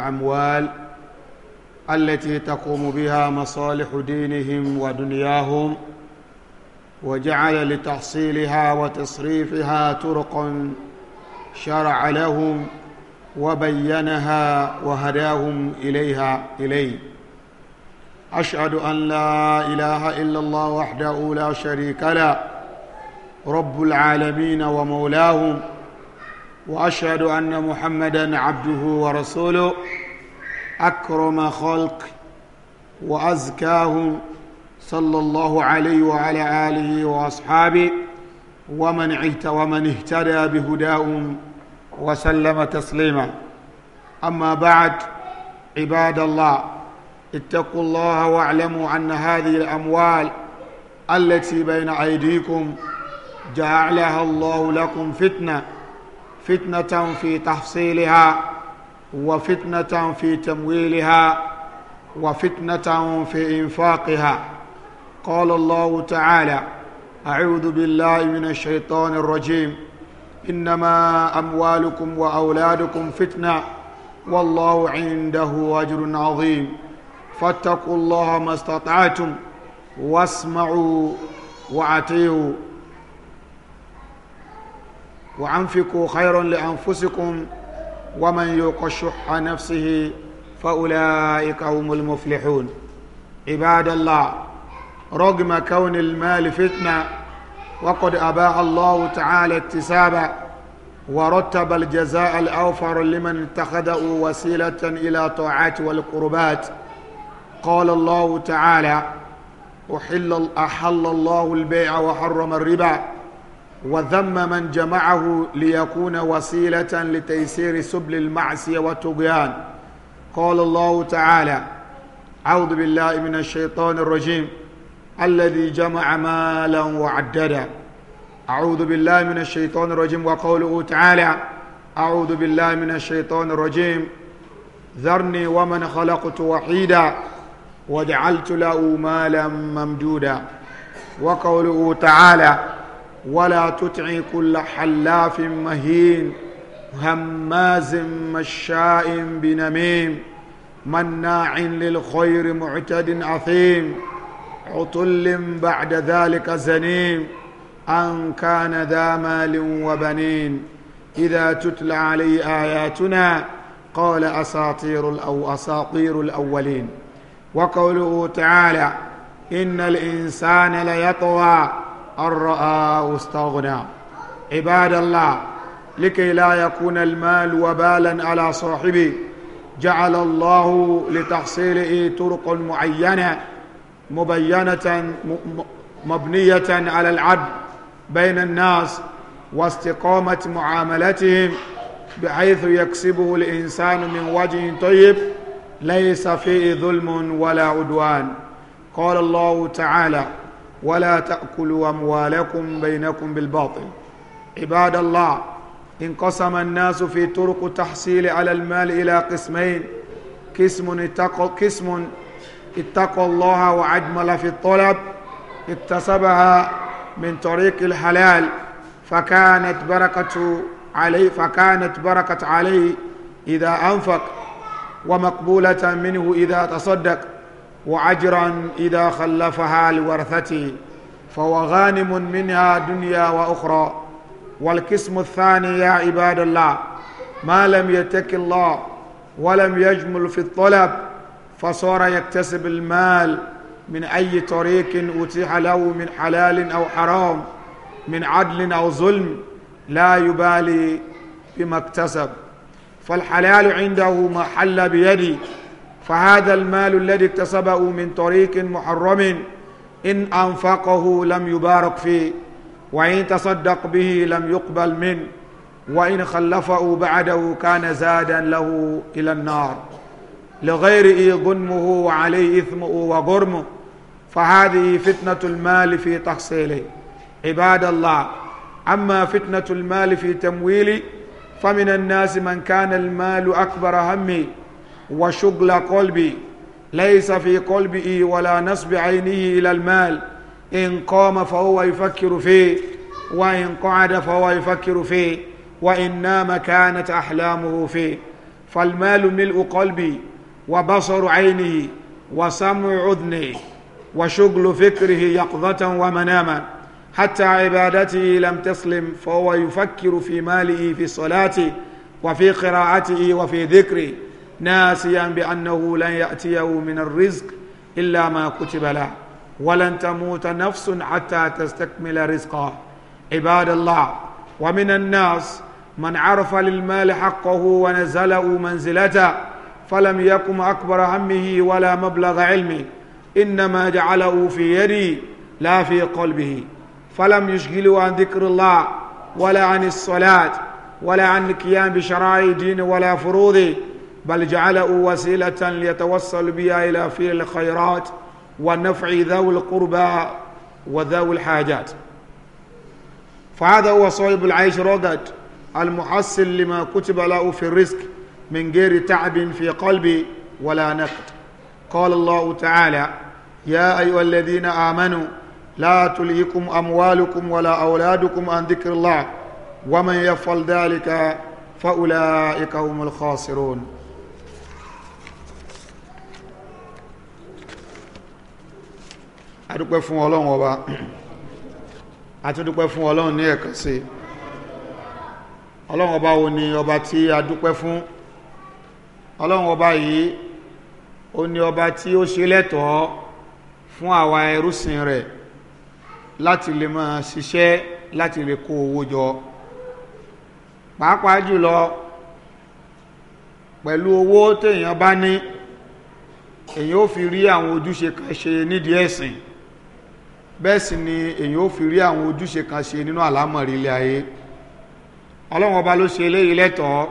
الأموال التي تقوم بها مصالح دينهم ودنياهم وجعل لتحصيلها وتصريفها طرقا شرع لهم وبينها وهداهم إليها إليه أشهد أن لا إله إلا الله وحده لا شريك له رب العالمين ومولاهم واشهد ان محمدا عبده ورسوله اكرم خلق وازكاهم صلى الله عليه وعلى اله واصحابه ومن اهت ومن اهتدى بهداهم وسلم تسليما اما بعد عباد الله اتقوا الله واعلموا ان هذه الاموال التي بين ايديكم جعلها الله لكم فتنه فتنة في تحصيلها وفتنة في تمويلها وفتنة في إنفاقها قال الله تعالى أعوذ بالله من الشيطان الرجيم إنما أموالكم وأولادكم فتنة والله عنده أجر عظيم فاتقوا الله ما استطعتم واسمعوا وعتيوا وأنفقوا خيرا لأنفسكم ومن يوق شح نفسه فأولئك هم المفلحون عباد الله رغم كون المال فتنة وقد أباح الله تعالى اكتسابا ورتب الجزاء الأوفر لمن اتخذه وسيلة إلى طاعات والقربات قال الله تعالى أحل أحل الله البيع وحرم الربا وذم من جمعه ليكون وسيلة لتيسير سبل المعصية والطغيان قال الله تعالى أعوذ بالله من الشيطان الرجيم الذي جمع مالا وعددا أعوذ بالله من الشيطان الرجيم وقوله تعالى أعوذ بالله من الشيطان الرجيم ذرني ومن خلقت وحيدا وجعلت له مالا ممدودا وقوله تعالى ولا تطع كل حلاف مهين هماز مشاء بنميم مناع للخير معتد عظيم عطل بعد ذلك زنيم أن كان ذا مال وبنين إذا تتلى عليه آياتنا قال أساطير الأو أساطير الأولين وقوله تعالى إن الإنسان ليطغى الرأى رآه استغنى عباد الله لكي لا يكون المال وبالا على صاحبه جعل الله لتحصيله طرق معينة مبينة مبنية على العدل بين الناس واستقامة معاملتهم بحيث يكسبه الإنسان من وجه طيب ليس فيه ظلم ولا عدوان قال الله تعالى ولا تأكلوا أموالكم بينكم بالباطل عباد الله انقسم الناس في طرق تحصيل على المال إلى قسمين قسم اتقوا, قسم اتقوا الله وعجمل في الطلب اكتسبها من طريق الحلال فكانت بركة عليه فكانت بركة عليه إذا أنفق ومقبولة منه إذا تصدق وعجرا إذا خلفها لورثته فهو غانم منها دنيا وأخرى والقسم الثاني يا عباد الله ما لم يتك الله ولم يجمل في الطلب فصار يكتسب المال من أي طريق أتيح له من حلال أو حرام من عدل أو ظلم لا يبالي بما اكتسب فالحلال عنده ما حل بيده فهذا المال الذي اكتسبه من طريق محرم إن أنفقه لم يبارك فيه وإن تصدق به لم يقبل منه وإن خلفه بعده كان زادا له إلى النار لغيره ظلمه وعليه إثمه وجرمه فهذه فتنة المال في تحصيله عباد الله أما فتنة المال في تمويله فمن الناس من كان المال أكبر همه وشغل قلبي ليس في قلبه ولا نصب عينه إلى المال إن قام فهو يفكر فيه وإن قعد فهو يفكر فيه وإن نام كانت أحلامه فيه فالمال ملء قلبي وبصر عينه وسمع أذنه وشغل فكره يقظة ومناما حتى عبادته لم تسلم فهو يفكر في ماله في صلاته وفي قراءته وفي ذكره ناسيا بأنه لن يأتيه من الرزق إلا ما كتب له ولن تموت نفس حتى تستكمل رزقها عباد الله ومن الناس من عرف للمال حقه ونزله منزلته فلم يقم أكبر همه ولا مبلغ علمه إنما جعله في يدي لا في قلبه فلم يشغله عن ذكر الله ولا عن الصلاة ولا عن القيام بشرائع دينه ولا فروضه بل جعله وسيلة ليتوصل بها إلى فعل الخيرات ونفع ذوي القربى وذوي الحاجات فهذا هو صاحب العيش رغد المحصل لما كتب له في الرزق من غير تعب في قلبه ولا نقد قال الله تعالى يا أيها الذين آمنوا لا تلهكم أموالكم ولا أولادكم عن ذكر الله ومن يفعل ذلك فأولئك هم الخاسرون adúpẹ́ fún ọlọ́run ọba àtúndúpẹ́ fún ọlọ́run ní ẹ̀kan sí ọlọ́run ọba wo ni ọba tí adúpẹ́ fún ọlọ́run ọba yìí ó ní ọba tí ó ṣe lẹ́tọ̀ọ́ fún àwa ẹrúsìn rẹ̀ láti lè máa ṣiṣẹ́ láti lè kó owó jọ pàápàá jùlọ pẹ̀lú owó téèyàn bá ní èyàn ó fi rí àwọn ojúṣe kan ṣe nídìí ẹ̀sìn bẹ́ẹ̀ sì ni èyàn ó fi rí àwọn ojúṣe kan ṣe nínú àlámọ̀rí ilé ayé ọlọ́run ọba ló ṣe eléyìí lẹ́tọ̀ọ́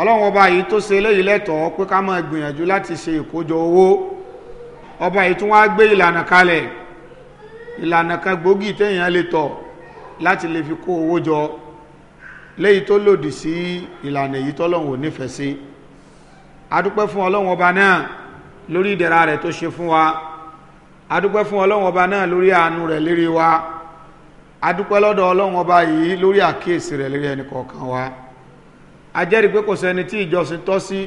ọlọ́run ọba yìí tó ṣe eléyìí lẹ́tọ̀ọ́ pé ká máa gbìyànjú láti ṣe ìkójọ owó ọba yìí tún wá gbé ìlànà kalẹ̀ ìlànà kan gbòógì téèyàn lè tọ̀ láti lè fi kó owó jọ léyìí tó lòdì sí ìlànà èyí tọ́lọ́run ò nífẹ̀ẹ́ sí adúpẹ́ fún ọlọ́run ọba náà lórí ìdẹ̀ra rẹ̀ tó ṣe fún wa adúpẹ́ fún ọlọ́run ọba náà lórí àánú rẹ̀ lérí wa adúpẹ́ lọ́dọ̀ ọlọ́run ọba yìí lórí àkíyèsí rẹ̀ lérí ẹnì kọ̀ọ̀kan wa a jẹ́rìí pé kò sẹ́ni tí ìjọsìn tọ́ sí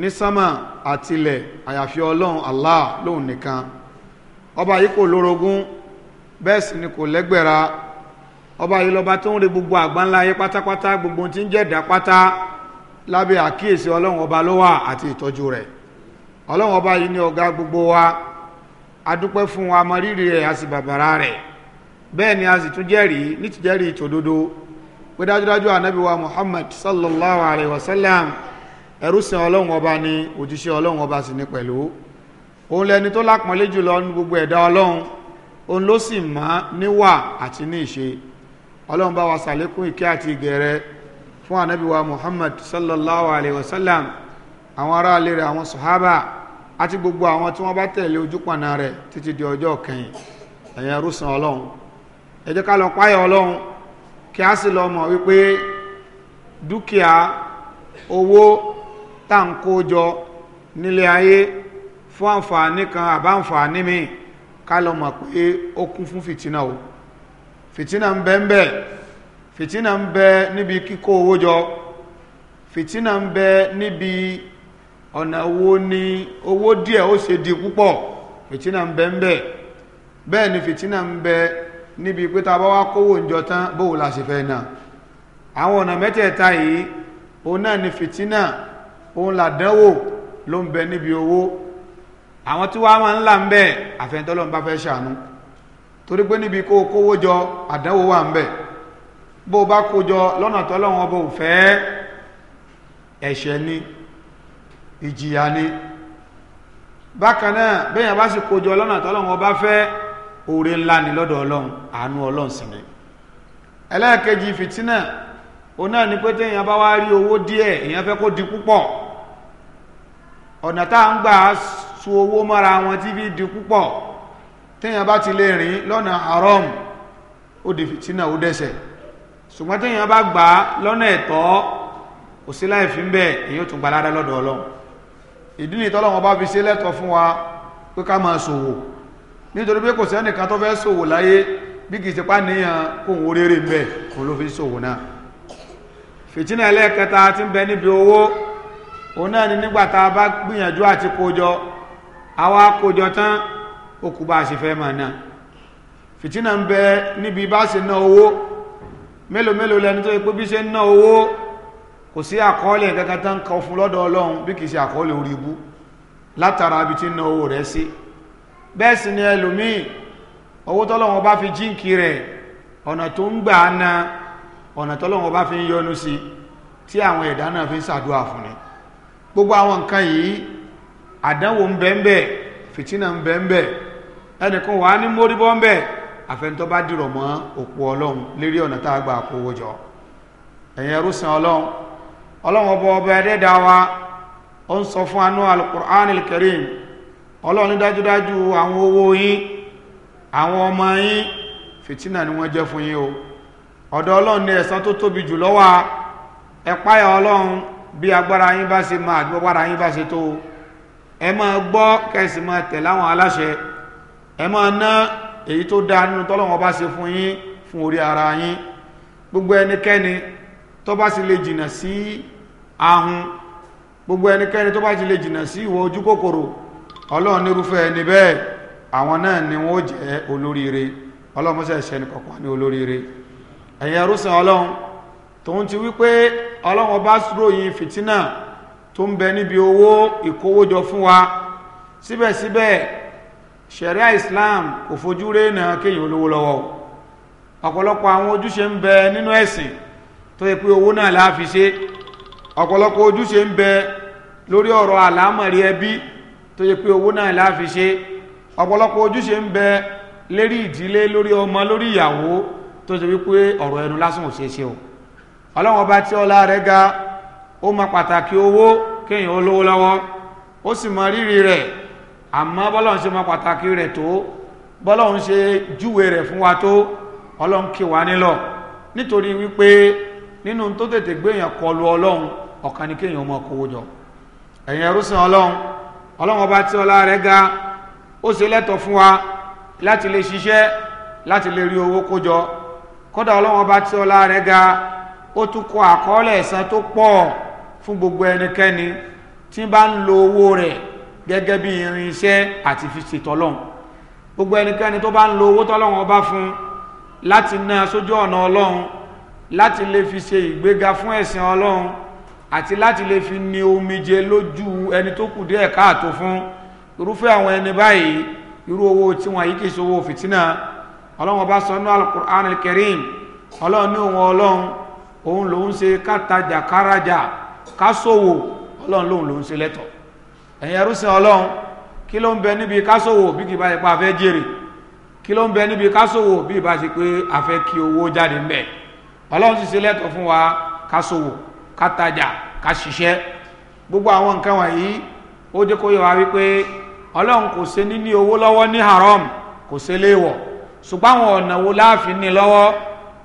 ní sánmà àtilẹ̀ àyàfi ọlọ́run Allah lóun nìkan ọba yìí kò lórogún bẹ́ẹ̀ sì ni kò lẹ́gbẹ̀ra ọba yìí lọ́ba tó ń re gbogbo àgbáńlá ayé pátápátá gbogbo tí ń jẹ̀dá pátá lábẹ́ àkíyèsí ọlọ́run ọba ló wà àti ìtọ́jú rẹ̀ ọlọ́run ọba yìí ni ọ̀gá gbogbo wa adúpẹ́ fún wa mọ rírì rẹ̀ a sì bàbàrà rẹ̀ bẹ́ẹ̀ ni a sì tún jẹ́rìí ní ti jẹ́rìí tòdodo pé dájúdájú ànábì wa Muhammad sallallahu alayhi wa sallam ẹrúsìn ọlọ́run ọba ni òjíṣẹ́ ọlọ́run ọba sì ni pẹ̀lú òun lẹni tó lápọ̀nlé jùlọ ní gbogbo ẹ̀dá ọlọ́run òun ló sì mọ́ níwà àti ní ìṣe ọlọ́run bá wa sàlékún ìkẹ́ àti ìgẹ̀rẹ́ fún ànábì wa Muhammad sallallahu alayhi wa sallam àwọn ará ilé rẹ̀ àwọn sàhábà àti gbogbo àwọn tí wọ́n bá tẹ̀lé ojúpọ̀nà rẹ̀ títí di ọjọ́ kẹyìn ẹ̀yẹn rúsan ọlọ́run ẹ ká lọ ọlọ́run kí a sì lọ mọ̀ wípé dúkìá owó tá à kó jọ nílé ayé fún àǹfààní kan àbáǹfààní míì ká lọ mọ̀ pé ó kún fún fìtínà o fìtínà ń bẹ ń bẹ fìtínà ń bẹ níbi kíkó owó jọ fìtínà ń níbi ọ̀nà wo ni owó díẹ̀ ó ṣe di púpọ̀ fìtínà ń bẹ ń bẹ bẹ́ẹ̀ ni fìtínà ń bẹ níbi pé ta bá wá kówó ìjọ tán bóò la ṣe fẹ́ náà àwọn ọ̀nà mẹ́tẹ̀ẹ̀ta yìí òun náà ni fìtínà òun làdánwò ló ń bẹ níbi owó àwọn tí wàá máa ń là ń bẹ àfẹnitọ́lọ́n bá fẹ́ ṣàánú torí pé níbi kó kówó jọ àdánwò wà ń bẹ bó o bá kó jọ lọ́nà tọ́lọ́wọ́n bó o fẹ́ ẹ̀ṣẹ̀ ni ìjìyà ni bákan náà bẹ́yàn bá sì kójọ lọ́nà tọ́lọ́run ọba fẹ́ oore ńlá ni lọ́dọ̀ ọlọ́run àánú ọlọ́run sì ni ẹlẹ́ẹ̀kejì fìtínà òun náà ni pé téèyàn bá wá rí owó díẹ̀ èèyàn fẹ́ kó di púpọ̀ ọ̀nà tá à ń gbà so owó mọ́ra wọn tí bí di púpọ̀ téèyàn bá ti lè rìn lọ́nà haram ó di fìtínà ó dẹ́sẹ̀ ṣùgbọ́n téèyàn bá gbà lọ́nà ẹ̀tọ́ òsíláì fi ń bẹ̀ èèyàn tún gbalada lọ́dọ̀ ọlọ́run ìdí ni tọ́lọ́wọ́n bá fi ṣe lẹ́tọ̀ fún wa pé ká máa ṣòwò nítorí pé kò sẹ́nìkan tó fẹ́ ṣòwò láyé bí kì í ṣe pàníyàn kò ń rere ń bẹ kò ló fi ṣòwò náà fìtínà ẹlẹ́ẹ̀kẹta ti ń bẹ níbi owó òun náà ni nígbà tá a bá gbìyànjú àti kójọ àwa kójọ tán ó kú bá ṣe fẹ́ máa náà fìtínà ń bẹ níbi bá ṣe ná owó mélòó mélòó lẹni tó yẹ pé bí ṣe ń ná owó kò sí àkọọ́lẹ̀ kankan tán kọ fún lọ́dọ̀ ọlọ́run bí kìí ṣe àkọọ́lẹ̀ orí ibú látara ibi tí ń na owó rẹ̀ sí bẹ́ẹ̀ sì ni ẹlòmíì owó tọ́lọ́wọ́n bá fi jíǹkì rẹ̀ ọ̀nà tó ń gbà na ọ̀nà tọ́lọ́wọ́n bá gbogbo àwọn nǹkan yìí àdánwò ń fìtínà ń ẹnìkan wà á ní àfẹnitọ́ bá dìrọ̀ mọ́ òpó ọlọ́run ọlọ́run ọba ọba ẹ̀dẹ́dà wa ó ń sọ fún anú alukur'an alkarim ọlọ́run ní dájúdájú àwọn owó yín àwọn ọmọ yín fìtínà ni wọ́n jẹ́ fún yín o ọ̀dọ̀ ọlọ́run ní ẹ̀san tó tóbi jù lọ́wọ́ ẹ̀páyà ọlọ́run bí agbára yín bá ṣe máa bí agbára yín bá ṣe tó ẹ máa gbọ́ kẹsì máa tẹ̀ láwọn aláṣẹ ẹ máa ná èyí tó dáa nínú tọ́lọ́run ọba ṣe fún yín fún orí ara yín gbogbo ẹnikẹ́ni tó bá sì lè jìnnà sí ahun gbogbo ẹnikẹ́ni tó bá ti lè jìnà sí ìwọ ojú kòkòrò ọlọ́run nírúfẹ́ ẹni bẹ́ẹ̀ àwọn náà ni wọ́n jẹ́ olóríire ọlọ́run mọ́sẹ̀ ṣẹ́ ní kọ̀ọ̀kan ní olóríire ẹ̀yin ẹrúsìn ọlọ́run tòun ti wípé ọlọ́run Islam kò fojú rénà kéèyàn olówó lọ́wọ́ ọ̀pọ̀lọpọ̀ àwọn ojúṣe ń bẹ nínú ẹ̀sìn tó yẹ pé owó náà láàfi ṣe ọ̀pọ̀lọpọ̀ ojúṣe ń bẹ lórí ọ̀rọ̀ àlámọ̀rí ẹbí tó yẹ pé owó náà láfi ṣe ọ̀pọ̀lọpọ̀ ojúṣe ń bẹ lérí ìdílé lórí ọmọ lórí ìyàwó tó ṣe wípé ọ̀rọ̀ ẹnu lásán ò o ọlọ́run ọba tí ọlá rẹ̀ ga ó mọ pàtàkì owó kéèyàn olówó lọ́wọ́ ó sì mọ rírì rẹ̀ àmọ́ bọ́lọ́run ṣe mọ pàtàkì rẹ̀ tó bọ́lọ́run ṣe júwe rẹ̀ fún wa tó ọlọ́run kí wa nílọ̀ nítorí wípé nínú tó tètè gbéyàn kọlu ọlọ́run ọ̀kan ní kéèyàn ọmọ kówó jọ ẹ̀yin ẹrúsìn ọlọ́run ọlọ́run ọba tí ọlá rẹ̀ ga ó ṣe lẹ́tọ̀ fún wa láti lè ṣiṣẹ́ láti lè rí owó kó jọ kódà ọlọ́run ọba tí ọlá rẹ̀ ga ó tún kọ àkọọ́lẹ̀ ẹ̀san tó pọ̀ fún gbogbo ẹnikẹ́ni tí bá ń lo owó rẹ̀ gẹ́gẹ́ bí irinṣẹ́ àti fi ṣètọ́lọ́run gbogbo ẹnikẹ́ni tó bá ń lo owó tọ́lọ́run ọba fún láti ná sójú ọ̀nà ọlọ́run láti lè fi ṣe ìgbéga fún ẹ̀sìn ọlọ́run àti láti lè fi ni omijé lójú ẹni tó kù díẹ̀ káàtó fún irúfẹ́ àwọn ẹni báyìí irú owó tí wọ́n yìí kì í ṣe owó fìtínà ọlọ́run ọba sọ ní alukur'an al-karim ọlọ́run ní òun ọlọ́run òun lòun ṣe kátajà kárajà kásòwò ọlọ́run lòun lòun ṣe lẹ́tọ̀ ẹ̀yin ẹrúsìn ọlọ́run kí ló ń bẹ níbi kásòwò bí kì í bá ṣe pé a fẹ́ jèrè kí ló ń bẹ níbi kásòwò bí kì í bá ṣe pé a fẹ́ kí owó jáde ńbẹ̀ ọlọ́run sì ṣe lẹ́tọ̀ fún wa kásòwò ká tajà ká ṣiṣẹ́ gbogbo àwọn nǹkan wọ̀nyí ó jẹ́ kó yẹ wá wípé ọlọ́run kò ṣe níní owó lọ́wọ́ ní haram kò ṣe léèwọ̀ ṣùgbọ́n àwọn ọ̀nà wo láàfin ní lọ́wọ́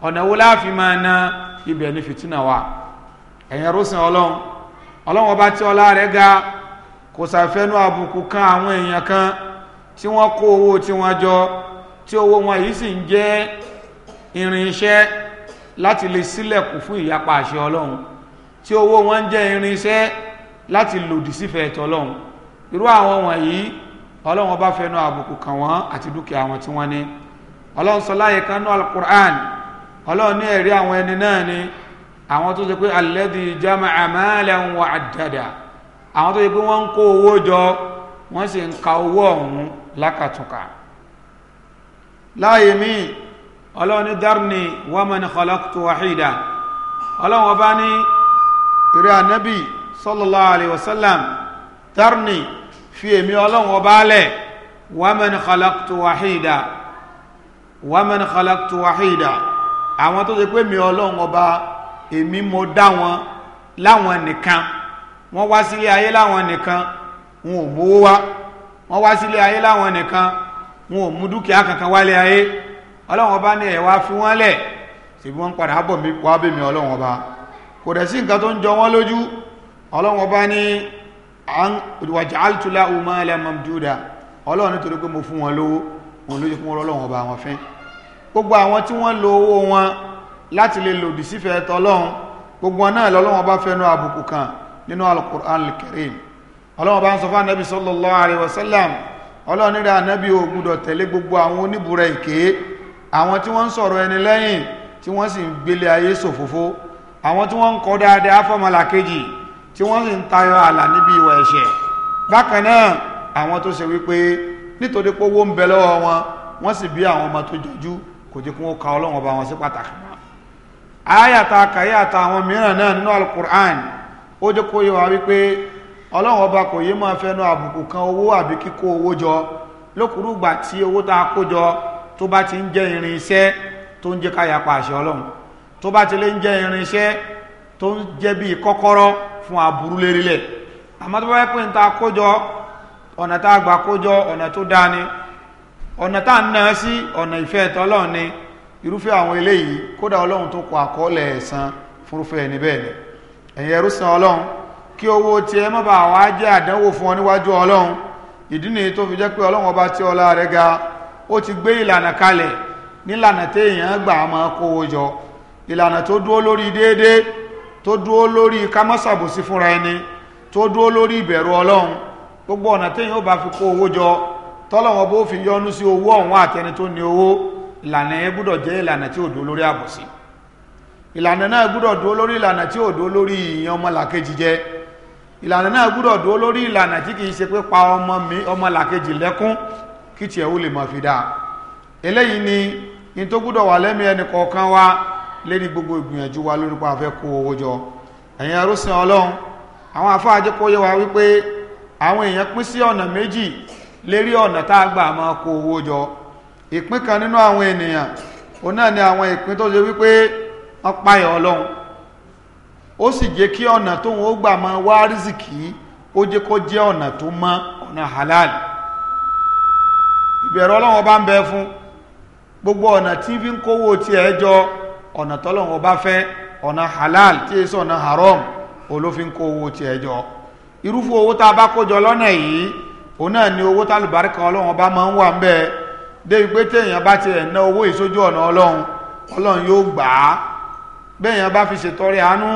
ọ̀nà wo láàfin máa na ibẹ̀ ní fìtínà wa ẹ̀yin rúsìn ọlọ́run ọlọ́run ọba tí ọlá rẹ̀ ga kò ṣàfẹ́nu àbùkù kan àwọn èèyàn kan tí wọ́n kó owó tí wọ́n jọ tí owó wọn yìí sì ń jẹ́ irinṣẹ́ láti lè ṣílẹ̀kùn fún ìyapa àṣẹ ọlọ́run tí owó wọn jẹ́ irinṣẹ́ láti lòdì sífẹ̀ẹ́ tọ́lọ́hun irú àwọn wọ̀nyí ọlọ́run ọba fẹnu àbùkù kàn wọ́n àti dúkìá wọn tí wọ́n ní ọlọ́run sọ láyé kan ní alukur'an ọlọ́run ní ẹ̀rí àwọn ẹni náà ni àwọn tó ṣe pé alẹ́dì jama amalan wa àdàdà àwọn tó ṣe pé wọ́n ń kó owó jọ wọ́n sì ń ka owó ọ̀hún lákàtúnkà láyé míì ọlọ́run ní dárni wa man khalaqtu wahida ọlọ́run ọba ní eré anabi sallallahu alayhi wa sallam tarni fi èmi ọlọ́run ọba alẹ̀ waman khalaqtu wahida waman khalaqtu wahida àwọn tó ṣe pé mi ọlọ́run ọba èmi mo dá wọn láwọn nìkan wọ́n wá sílé ayé láwọn nìkan wọn ò mówó wá wọ́n wá sílé ayé láwọn nìkan wọn ò mú dúkìá kankan wálé ayé ọlọ́run ọba ní ẹ̀ wá fi wọ́n lẹ̀ ṣèbí wọ́n padà bọ̀ wá bẹ̀ mí ọlọ́run ọba kò dẹ̀ sí nǹkan tó ń jọ wọ́n lójú ọlọ́run ọba ní wàjáltùlá umala mamduda ọlọ́run nítorí pé mo fún wọn lówó òun lójú kún ọlọ́run ọba wọn fẹ́ gbogbo àwọn tí wọ́n lo owó wọn láti lè lòdì sífẹ́ tọlọ́run gbogbo wọn náà lọ́lọ́run ọba fẹ́nu àbùkù kan nínú alukur'an al-karim ọlọ́run ọba ń sọ fún anabi sallallahu alaihi wasallam ọlọ́run nílẹ̀ anabi ò gbúdọ̀ àwọn tí wọ́n ń kọ́ dáadáa fọ́mọlà kejì tí wọ́n sì ń tayọ ààlà níbi ìwà ẹ̀ṣẹ̀ bákan náà àwọn tó ṣe wípé nítorí pé owó ń bẹ lọ́wọ́ wọn wọ́n sì bí àwọn ọmọ tó jọjú kò jẹ́ kí wọ́n ka ọlọ́run ọba wọn sí pàtàkì mọ́ ayàtà kàyàtà àwọn mìíràn náà nínú alukur'an ó jẹ́ kó yé wa wípé ọlọ́run ọba kò yé máa fẹ́nu àbùkù kan owó àbí kíkó owó jọ lókùrúgbà tí owó tá a kó jọ tó bá ti ń jẹ́ irin iṣẹ́ tó ń jẹ́ ká yapa àṣẹ ọlọ́run tó bá ti lè ń jẹ́ irinṣẹ́ tó ń jẹ́ bí kọ́kọ́rọ́ fún aburú lérílẹ̀ àmọ́ tó bá yẹ ta kójọ ọ̀nà tá a gbà kójọ ọ̀nà tó dáa ni ọ̀nà tá a sí ọ̀nà ìfẹ́ ni irúfẹ́ àwọn eléyìí kódà ọlọ́run tó kọ àkọọ́lẹ̀ san ọlọ́run kí owó tiẹ̀ má bàa wá jẹ́ àdánwò fún ọ níwájú ọlọ́run ìdí nìyí tó fi jẹ́ pé ọlọ́run ọba tí ọlá ga ó ti gbé ìlànà kalẹ̀ nílànà téèyàn gbà máa ìlànà tó dúó lórí déédé tó dúó lórí kámọ́sàbòsí fúnra ẹni tó dúó lórí ìbẹ̀rù ọlọ́run gbogbo ọ̀nà téèyàn ó bá fi kó owó jọ tọ́lọ̀wọ́n bó fi yọnu sí owó ọ̀hún àtẹni tó ní owó ìlànà yẹn gbúdọ̀ jẹ́ ìlànà tí ò dúó lórí àbòsí ìlànà náà gbúdọ̀ dúó lórí ìlànà tí ò dúó lórí ìyàn ọmọlàkejì jẹ ìlànà náà gbúdọ̀ dúó lórí ìlànà tí kìí ṣe pé pa ọmọ mi ọmọlàkejì lẹ́kún kí tiẹ̀ ó lè mọ̀ fi dáa eléyìí ni ní tó gbúdọ̀ wà lẹ́mìí ẹnì kọ̀ọ̀kan wa lérí gbogbo ìgbìyànjú wa lórí pa àfẹ́ kó owó jọ ẹ̀yin arúsìn ọlọ́run àwọn afáàjẹ́ kó yẹ wa wípé àwọn èèyàn pín sí ọ̀nà méjì lérí ọ̀nà tá a gbà jọ ìpín kan nínú àwọn ènìyàn òun náà ni àwọn ìpín tó ṣe wípé wọ́n ọlọ́run ó sì jẹ́ kí ọ̀nà gbà halal ìbẹ̀rù ọlọ́run ń bẹ gbogbo ọ̀nà tí fi ń kówó ọ̀nà tọ́lọ́wọ́n bá fẹ́ ọ̀nà halal tí èso ọ̀nà haram olófin kó owó tiẹ̀ jọ irúfẹ́ owó tá a bá kó lọ́nà yìí òun náà ni owó tálùbáríkà ọlọ́wọ́n bá máa ń wà ń bẹ́ẹ̀ débi pé téèyàn bá ti ẹ̀ná owó ìsójú ọ̀nà ọlọ́run ọlọ́run yóò gbà á béèyàn bá fi ṣètọrẹ àánú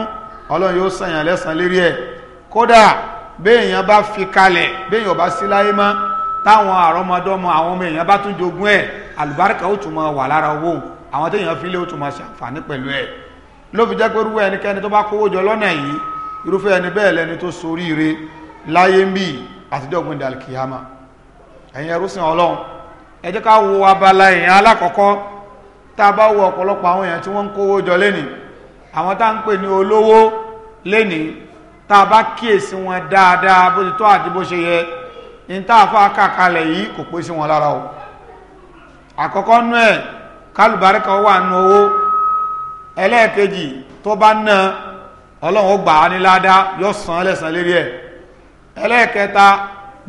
ọlọ́run yóò sànyàn lẹ́sàn lérí ẹ̀ kódà béèyàn bá fi kalẹ̀ béèyàn bá sí láyé mọ́ táwọn àrọ́mọdọ́mọ àwọn ọmọ èèyàn bá tún jogún ẹ̀ àlùbáríkà ó tún máa wà lára owó àwọn téèyàn fi lé ó tún máa ṣàǹfààní pẹ̀lú ẹ̀ ló fi jẹ́ pé irúfẹ́ ẹnikẹ́ni tó bá kówó jọ lọ́nà yìí irúfẹ́ ẹni bẹ́ẹ̀ lẹni tó soríire láyé ń bì àtijọ́ ògbìn dàlkìyàmà ẹ̀yin ẹrúsìn ọlọ́run ẹ jẹ́ ká wo abala èèyàn alákọ̀ọ́kọ́ tá a bá wo ọ̀pọ̀lọpọ̀ àwọn èèyàn tí wọ́n ń kówó jọ lẹ́nìí àwọn tá ń pè ní olówó lẹ́nìí tá a bá kíyèsí wọn dáadáa bó ti tó àti bó ṣe yẹ ní tá a fà kàkalẹ̀ yìí kò pé sí wọn lára o àkọ́kọ́ nú ẹ̀ kálùbáríkà wà nù owó ẹlẹ́ẹ̀kejì tó bá ná ọlọ́run ó gbà á ní ládá yóò san ẹlẹ́sàn lérí ẹ̀ ẹlẹ́ẹ̀kẹta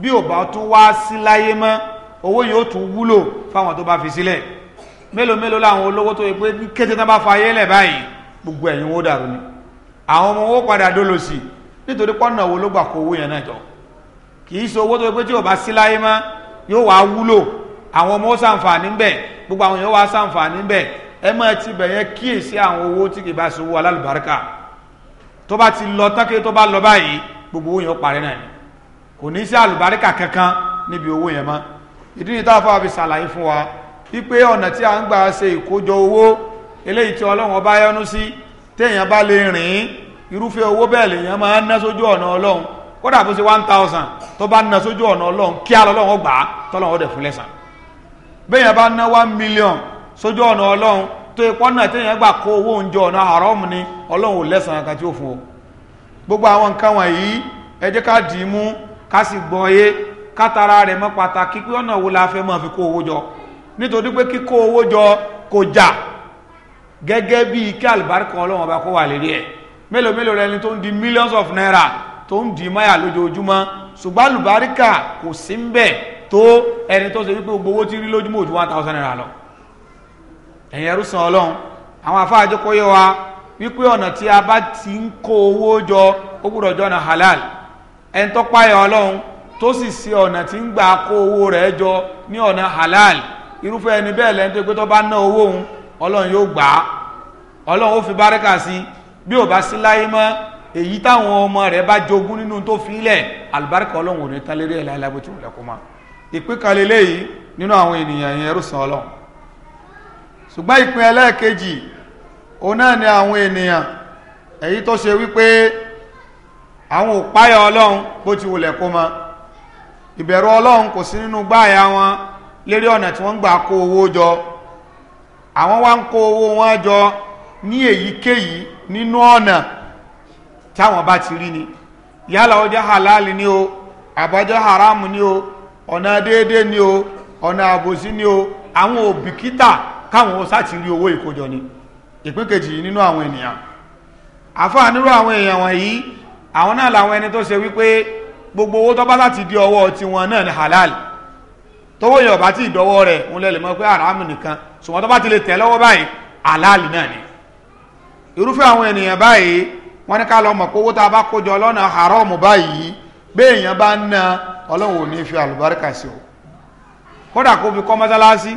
bí ò bá tún wá sí láyé mọ́ owó yóò tún wúlò fáwọn tó bá fi sílẹ̀ mélòó mélòó làwọn olówó tó yẹ pé ní kété tán bá fa ayé lẹ̀ báyìí gbogbo ẹ̀yìn owó dàrú ni àwọn ọmọ owó padà dólòsì nítorí pọ́nà owó ló gbà kó owó yẹn náà jọ kì í ṣe owó tó yẹ pé tí ò bá sí láyé mọ́ yóò wá wúlò àwọn ọmọ sàǹfààní ń bẹ̀ gbogbo àwọn èèyàn wá sàǹfààní ń bẹ̀ ẹ má ti bẹ̀ yẹn kíyèsí àwọn owó tí kì bá ṣe owó alálùbáríkà tó bá ti lọ tán kí tó bá lọ báyìí gbogbo owó yẹn parẹ́ náà ni kò ní sí alùbáríkà kankan níbi owó yẹn mọ́ ìdí ni táwọn fi ṣàlàyé fún wa wípé ọ̀nà tí a ń gbà ṣe ìkójọ owó eléyìí tí ọlọ́run ọba yọ́nú sí téèyàn bá lè rìn irúfẹ́ owó bẹ́ẹ̀ lèèyàn máa ń ná sójú ọ̀nà ọlọ́run kódà bó ṣe one thousand tó bá ń ná sójú ọ̀nà ọlọ́run kí á lọ́lọ́run tọ́lọ́run ó fún lẹ́sàn-án bẹ́yàn bá ná one million sójú ọ̀nà ọlọ́run tó ipọ́ náà téèyàn gbà kó owó oúnjẹ ọ̀nà ni ọlọ́run ò lẹ́sàn-án kan gbogbo àwọn nǹkan wọ̀nyí ẹ ká dì í mú ká sì gbọ́ yé ká rẹ̀ mọ́ pàtàkì pé ọ̀nà la fẹ́ máa fi kó owó jọ nítorí pé kíkó owó jọ kò jà gẹ́gẹ́ bíi kí naira tó ń di máyà lójoojúmọ́ ṣùgbọ́n kò tó ẹni tó ṣe wípé gbogbo ti rí ojú naira lọ ẹ̀yin ẹrú ọlọ́run àwọn afáàjọ kọ́ wa wípé ọ̀nà tí a bá ti ń kó owó jọ ó gbúdọ̀ jọ ọ̀nà halal ẹni tó páyà ọlọ́run tó sì ṣe ọ̀nà tí ń gbà kó owó rẹ̀ jọ ní ọ̀nà halal irúfẹ́ ẹni bẹ́ẹ̀ lẹ́ni tó fi sí bí ò bá sí láyé mọ́ èyí táwọn ọmọ rẹ̀ ìpínkalẹ̀ léyìí nínú àwọn ènìyàn yẹn rúsàn ọlọ́run ṣùgbọ́n ìpín ẹlẹ́ẹ̀kejì o náà ni àwọn ènìyàn èyí tó ṣe wípé àwọn òpáyà ọlọ́run bó ti wulẹ̀ kó ìbẹ̀rù ọlọ́run kò sí nínú gbáàyà wọn lérí ọ̀nà tí wọ́n ń gbà wọn jọ ní èyíkéyìí nínú ọ̀nà táwọn bá ni yálà halal ni o haram ni o ọ̀nà déédé ni o ọ̀nà àbòsí ni o àwọn òbìkítà káwọn ó sáti rí owó ìkójọ ni ìpín kejì nínú àwọn ènìyàn àfáà nírú àwọn èèyàn wọ̀nyí àwọn náà làwọn ẹni tó ṣe wípé gbogbo owó tó bá láti di ọwọ́ tiwọn náà ni halal tówó yẹn ọ̀bá tí ìdọ́wọ́ rẹ̀ ń lẹ́lẹ̀ mọ́ pé àràmù nìkan ṣùgbọ́n tó bá ti lè tẹ̀ lọ́wọ́ báyìí halal náà ni irúfẹ́ àwọn ènìyàn báyìí wọ́n ní ká lọ mọ̀ pé owó tá a bá kójọ lọ́nà haram báyìí béèyàn bá ń na ọlọ́run ò ní fi àlùbáríkà sí o kódà kó fi kọ́ mọ́sálásí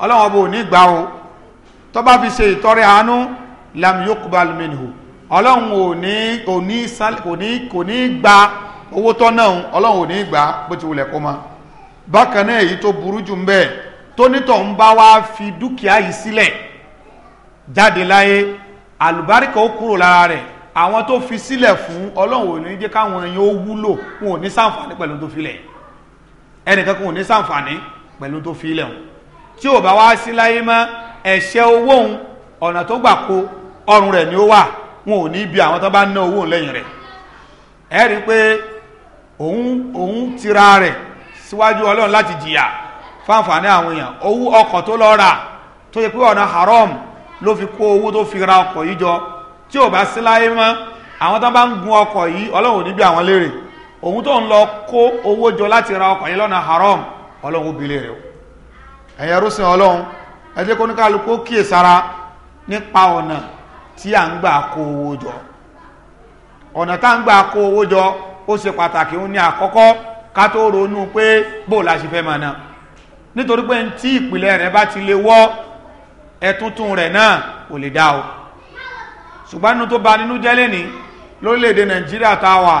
ọlọ́run ọba ò o tó bá fi ṣe ìtọrẹ àánú lam yuqbal minhu ọlọ́run ò ní kò ní kò ní kò ní gba owó tọ́ náà ọlọ́run ò ní gbà bó ti wulẹ̀ kó ma bákan náà èyí tó burú jù ń bẹ́ẹ̀ tónítọ̀ ń bá fi dúkìá àwọn tó fi sílẹ̀ fún ọlọ́run ò ní jẹ́ káwọn yẹn ó wúlò wọn ò ní sàǹfààní pẹ̀lú tó filẹ̀ ẹnìkan kan ò ní sàǹfààní pẹ̀lú tó filẹ̀ wọn tí ò bá wá sí láyé mọ́ ẹ̀ṣẹ̀ owó òun ọ̀nà tó gbà kó ọrùn rẹ̀ ni ó wà wọn ò ní bí àwọn tó bá ná owó lẹ́yìn rẹ̀ ẹ rí i pé òun òun tira rẹ̀ síwájú ọlọ́run láti jìyà fáǹfààní àwọn èèyàn owó ọkọ̀ tó lọ rà tó yẹ pé ọ̀nà haram ló fi kó owó tó fi ra ọkọ̀ yìí jọ tí ò bá sí láyé mọ́ àwọn tó bá ń gun ọkọ̀ yìí ọlọ́run ò ní bí àwọn léèrè òun tó ń lọ kó owó jọ láti ra ọkọ̀ yìí lọ́nà haram ọlọ́run ó bi léèrè o ẹ̀yẹ rúsìn ọlọ́run ẹ jẹ́ kó ní kálukú kíyè sára nípa ọ̀nà tí à ń gbà kó owó jọ ọ̀nà tá ń gbà kó owó jọ ó ṣe pàtàkì òun ní àkọ́kọ́ ká tó ronú pé bó la ṣe fẹ́ máa ná nítorí pé tí ìpìlẹ̀ rẹ̀ bá ti lè wọ́ ẹ̀túntún rẹ̀ náà ò lè dá o ṣùgbọ́n inú tó ba nínú jẹ́ lẹ́ni lórílẹ̀‐èdè nàìjíríà tá a wà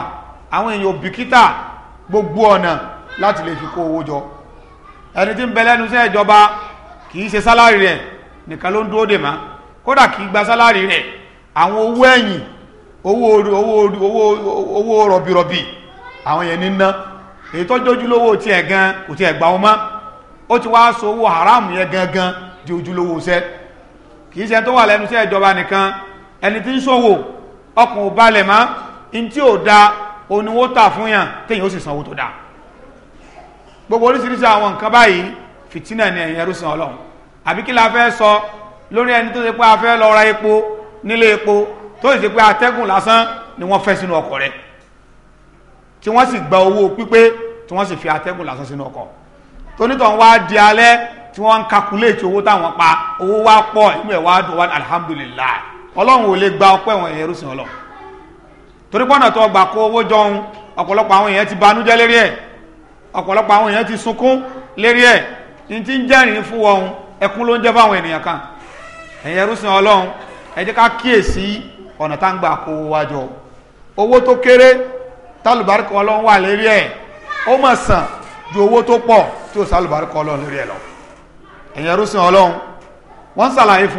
àwọn èèyàn òbíkítà gbogbo ọ̀nà láti lè fi kó owó jọ ẹni tí ń bẹ lẹ́nu iṣẹ́ ìjọba kì í ṣe sálárì rẹ̀ nìkan ló ń dúró dè má kódà kì í gba sálárì rẹ̀ àwọn owó ẹ̀yìn owó owó rọ̀bìrọ̀bì àwọn yẹn ní ná èyí tó jójúlówó tiẹ̀ gan kò tiẹ̀ gbà wọn mọ́ ó ti wá sọ owó haram yẹn gangan di ojúlówó iṣẹ́ kì í ṣe tó wà lẹ́nu iṣẹ́ ìjọba nìkan ẹni tí ń ṣòwò ọkàn ò balẹ̀ mọ́ ní tí ò da oníwó tà fún yàn téèyàn ó sì sanwó tó da gbogbo oríṣiríṣi àwọn nǹkan báyìí fìtínà ni ẹ̀yìn ẹrú sàn ọlọ́run àbí kí la fẹ́ sọ lórí ẹni tó ṣe pé a fẹ́ lọ ra epo nílé epo tó ṣe pé atẹ́gùn lásán ni wọ́n fẹ́ sínú ọkọ̀ rẹ̀ tí wọ́n sì gba owó pípé tí wọ́n sì fi atẹ́gùn lásán sínú ọkọ̀ tonítọ̀ wá di alẹ́ tí wọ́n ń kakuléètì owó táwọn pa owó wá pọ̀ ìmú ẹ̀ wá dùn wá alhamdulillah ọlọ́run ò lè gba ọpẹ́ wọn èèyàn rúsìn ọlọ́run torí pọ́nà tó kó owó jọun ọ̀pọ̀lọpọ̀ àwọn èèyàn ti banújẹ́ lérí ẹ̀ ọ̀pọ̀lọpọ̀ àwọn èèyàn ti sunkún lérí ẹ̀ ní ti ń jẹ́rìí fún wọn ẹkún ló ń kan ọlọ́run ẹ jẹ́ ká kíyèsí ọ̀nà tá ń gbà kó owó owó tó kéré tálùbáríkọ ọlọ́run wà lérí ẹ̀ ó mọ̀ sàn ju owó tó pọ̀ tí ò sálùbáríkọ ọlọ́run lérí ẹ̀ lọ ọlọ́run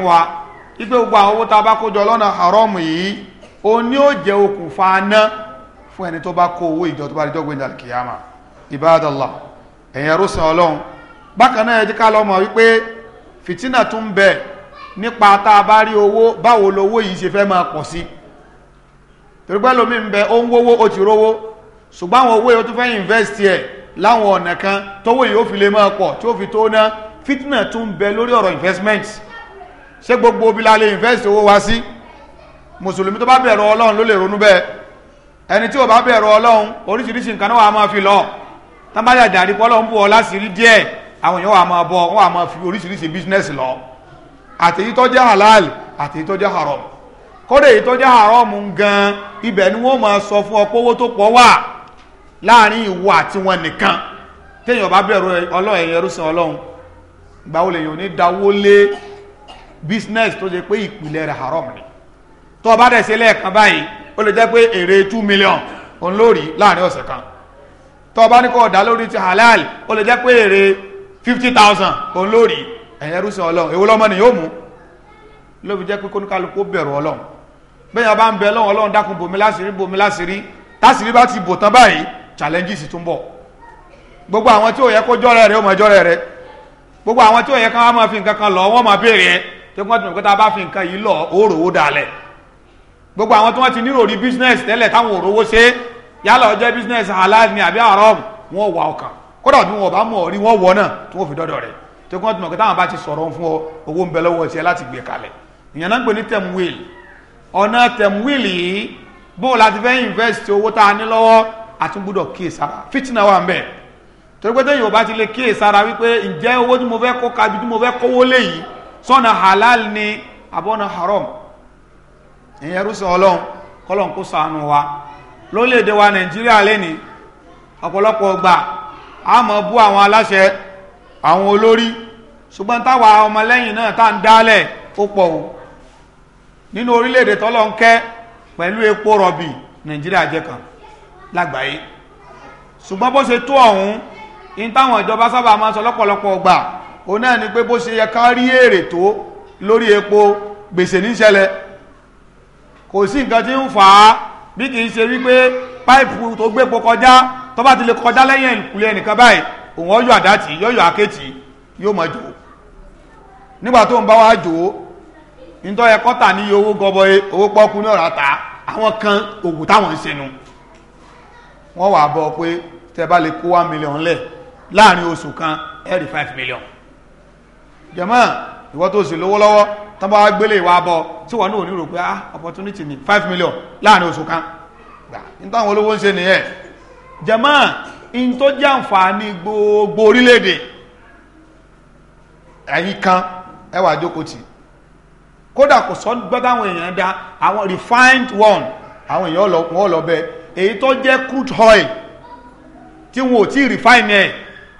wa ipe gbogbo àwọn owó tá a bá kójọ lọ́nà haram yìí o ní ó jẹ́ okùnfà ná fún ẹni tó bá kó owó ìjọ tó bá rí dọ́gbìn dàlì kìyàmà ibadallah ẹ̀yìn ẹrúsìn ọlọ́run bákan náà ẹ ká lọ mọ̀ wípé fìtínà tún bẹ nípa tá a bá rí owó báwo lowó yìí ṣe fẹ́ máa pọ̀ sí lómi ń bẹ ó ń wówó ó ti ṣé gbogbo obi la lè invest owó wa sí mùsùlùmí tó bá bẹ̀rù ọlọ́run ló lè ronú bẹ́ẹ̀ ẹni tí ò bá bẹ̀rù ọlọ́run oríṣiríṣi nǹkan náà wà á máa fi lọ tán bá yàjà àdìpọ̀ ọlọ́run bù ọ láti rí díẹ̀ àwọn èèyàn wà á máa bọ wọ́n á máa fi oríṣiríṣi business lọ àtèyí tó jẹ́ halal àtèyí tó jẹ́ haram kódé èyí tó jẹ́ haram gan ibẹ̀ ni wọ́n máa sọ fún ọ pé owó tó pọ̀ wà láàrin ìwọ àti wọn nìkan téèyàn bá bẹ̀rù ọlọ́run ẹ̀yẹrú ọlọ́run ìgbà wo ní dáwó lé business tó ṣe pé ìpìlẹ̀ rẹ̀ haram ni tó bá dẹ̀ ṣe lẹ́ẹ̀kan báyìí ó lè jẹ́ pé èrè 2 million òun lórí láàrin ọ̀sẹ̀ kan tó bá ní kó dá lórí ti halal ó lè jẹ́ pé èrè thousand òun lórí ẹ̀yẹn rúṣin ọlọ́run èwo lọ́mọ ni yóò mú ló fi jẹ́ pé kóníkálukú bẹ̀rù ọlọ́run bẹ́yàn bá ń bẹ lọ́wọ́ ọlọ́run dákun bòmí láṣìírí bòmí láṣìírí táṣìírí bá ti bò tán báyìí challenges tún bọ̀ gbogbo àwọn tí ò yẹ kó jọ́rẹ̀ rẹ̀ ó mọ̀ jọ́rẹ̀ rẹ̀ gbogbo àwọn tí ò yẹ kán wá máa fi nǹkan kan lọ wọ́n máa béèrè ẹ̀ tó kí wọ́n ti mọ̀ pé tá a bá fi nǹkan yìí lọ òòrò dalẹ̀ gbogbo àwọn tí wọ́n ti nírò rí business tẹ́lẹ̀ táwọn òrówó ṣe yálà ó business halal ni àbí haram wọn wà ọkàn kódà bí wọn ò bá mọ̀ ọ́ rí wọ́n wọ̀ náà tí wọ́n fi dọ́dọ̀ rẹ̀ tó kí wọ́n ti mọ̀ pé táwọn bá ti sọ̀rọ̀ fún ọ owó ń bẹ lọ́wọ́ tiẹ̀ láti gbé kalẹ̀ ìyẹn náà ń pè ní temwil ọ̀nà temwil yìí bó la fẹ́ invest owó tá a ní lọ́wọ́ àtúngbúdọ̀ kíyèsára fìtínà wà ń bẹ torí pé tẹ́yìn ò bá ti lè kíyèsára wípé ǹjẹ́ owó tí mo fẹ́ kó kabi tí mo fẹ́ kówó léyìí sọ́nà halal ni abọ́nà haram ìyẹn rúṣọ ọlọ́run kọ́lọ̀n kó ṣàánú wa lórílẹ̀-èdè wa nàìjíríà lẹ́ni ọ̀pọ̀lọpọ̀ ọgbà a mọ̀ bú àwọn aláṣẹ àwọn olórí ṣùgbọ́n táwa ọmọlẹ́yìn náà tá ń dálẹ̀ ó pọ̀ o nínú orílẹ̀-èdè tọ́lọ́ ń kẹ́ pẹ̀lú epo rọ̀bì nàìjíríà jẹ́ kan lágbàáyé ṣùgbọ́n bó ṣe tó ọ̀hún in táwọn ìjọba sábà máa ń sọ lọ́pọ̀lọpọ̀ ọgbà ó náà ni pé bó ṣe yẹ ká rí èrè tó lórí epo gbèsè níṣẹlẹ̀ kò sí nǹkan tí ń fà á bí kì í ṣe wípé páìpù tó gbépo kọjá tó bá ti lè kọjá lẹ́yìn ìkùlé ẹnìkan báyìí òun ọyọ àdátì yọyọ àkẹ́tì yóò máa jò nígbà tó ń bá wá jò nítorí ẹ̀kọ́ tà ní owó gọbọi owó pọ́kú ní ọ̀rá ta àwọn kan òwò táwọn ń ṣẹnu wọ́n wà bọ́ pé tẹ́ bá lè kó one million lẹ̀ láàrin oṣù kan ẹ̀rì five million Jama, ìwọ tó sì lówó lọ́wọ́ tán bá gbélé ìwà bọ tí wọn náà ní rò pé ah opportunity ni five million láàrin oṣù kan gbà ní táwọn olówó ń ṣe nìyẹn jẹ̀mọ́ in tó jẹ́ àǹfààní gbogbo orílẹ̀-èdè ẹ̀yìn kan ẹwà jókòó tì kódà kò sọ gbọ́dáwọn èèyàn dá àwọn refined one àwọn èèyàn wọ́n lọ bẹ èyí tó jẹ́ crude oil tí wọn ò tí refine ẹ̀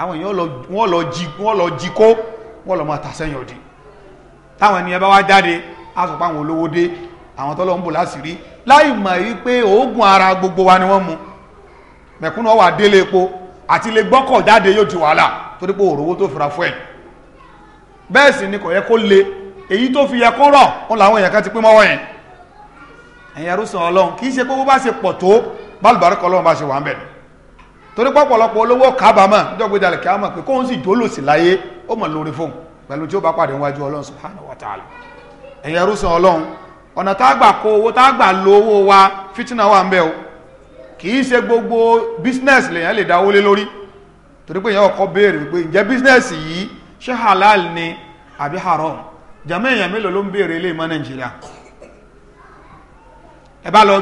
àwọn èèyàn wọ́n lọ jí kó wọ́n lọ́ máa tàṣẹ́yìn ọ̀dì táwọn ènìyàn bá wá jáde á sọ pé àwọn olówó dé àwọn tọ́lọ́ ń bò láṣìírí láì mọ̀ yí pé oògùn ara gbogbo wa ni wọ́n mu mẹ̀kúnnà wà délé epo àti lè gbọ́kọ̀ jáde yóò ti wàhálà torí pé òrówó tó fura fún ẹ̀ bẹ́ẹ̀ sì ni kò yẹ kó le èyí tó fi yẹ kó rọ̀ ó làwọn èèyàn kan ti pín mọ́wọ́ yẹn ẹ̀yìn ẹrú ọlọ́run kì í ṣe pé bó bá ṣe pọ̀ tó bálùbárí ọlọ́run bá ṣe wà ń bẹ̀rẹ̀ torí pọ̀pọ̀lọpọ̀ olówó kábàámà jọ́gbédà lẹ̀kẹ́ pé kóhun sì jólòsì láyé ó mọ̀ lórí o pẹ̀lú tí ó bá pàdé wájú ọlọ́run subhanahu wa ta'ala ẹ̀yẹ rúsan ọlọ́run ọ̀nà a kó owó a lo owó wa fitina wà ń bẹ o kì ṣe gbogbo business lèyàn lè dáwó lé lórí torí pé ọkọ béèrè ǹjẹ́ business yìí ṣé halal ni àbí haram èèyàn mélòó ló ń béèrè ilé ìmọ̀ nàìjíríà ẹ bá lọ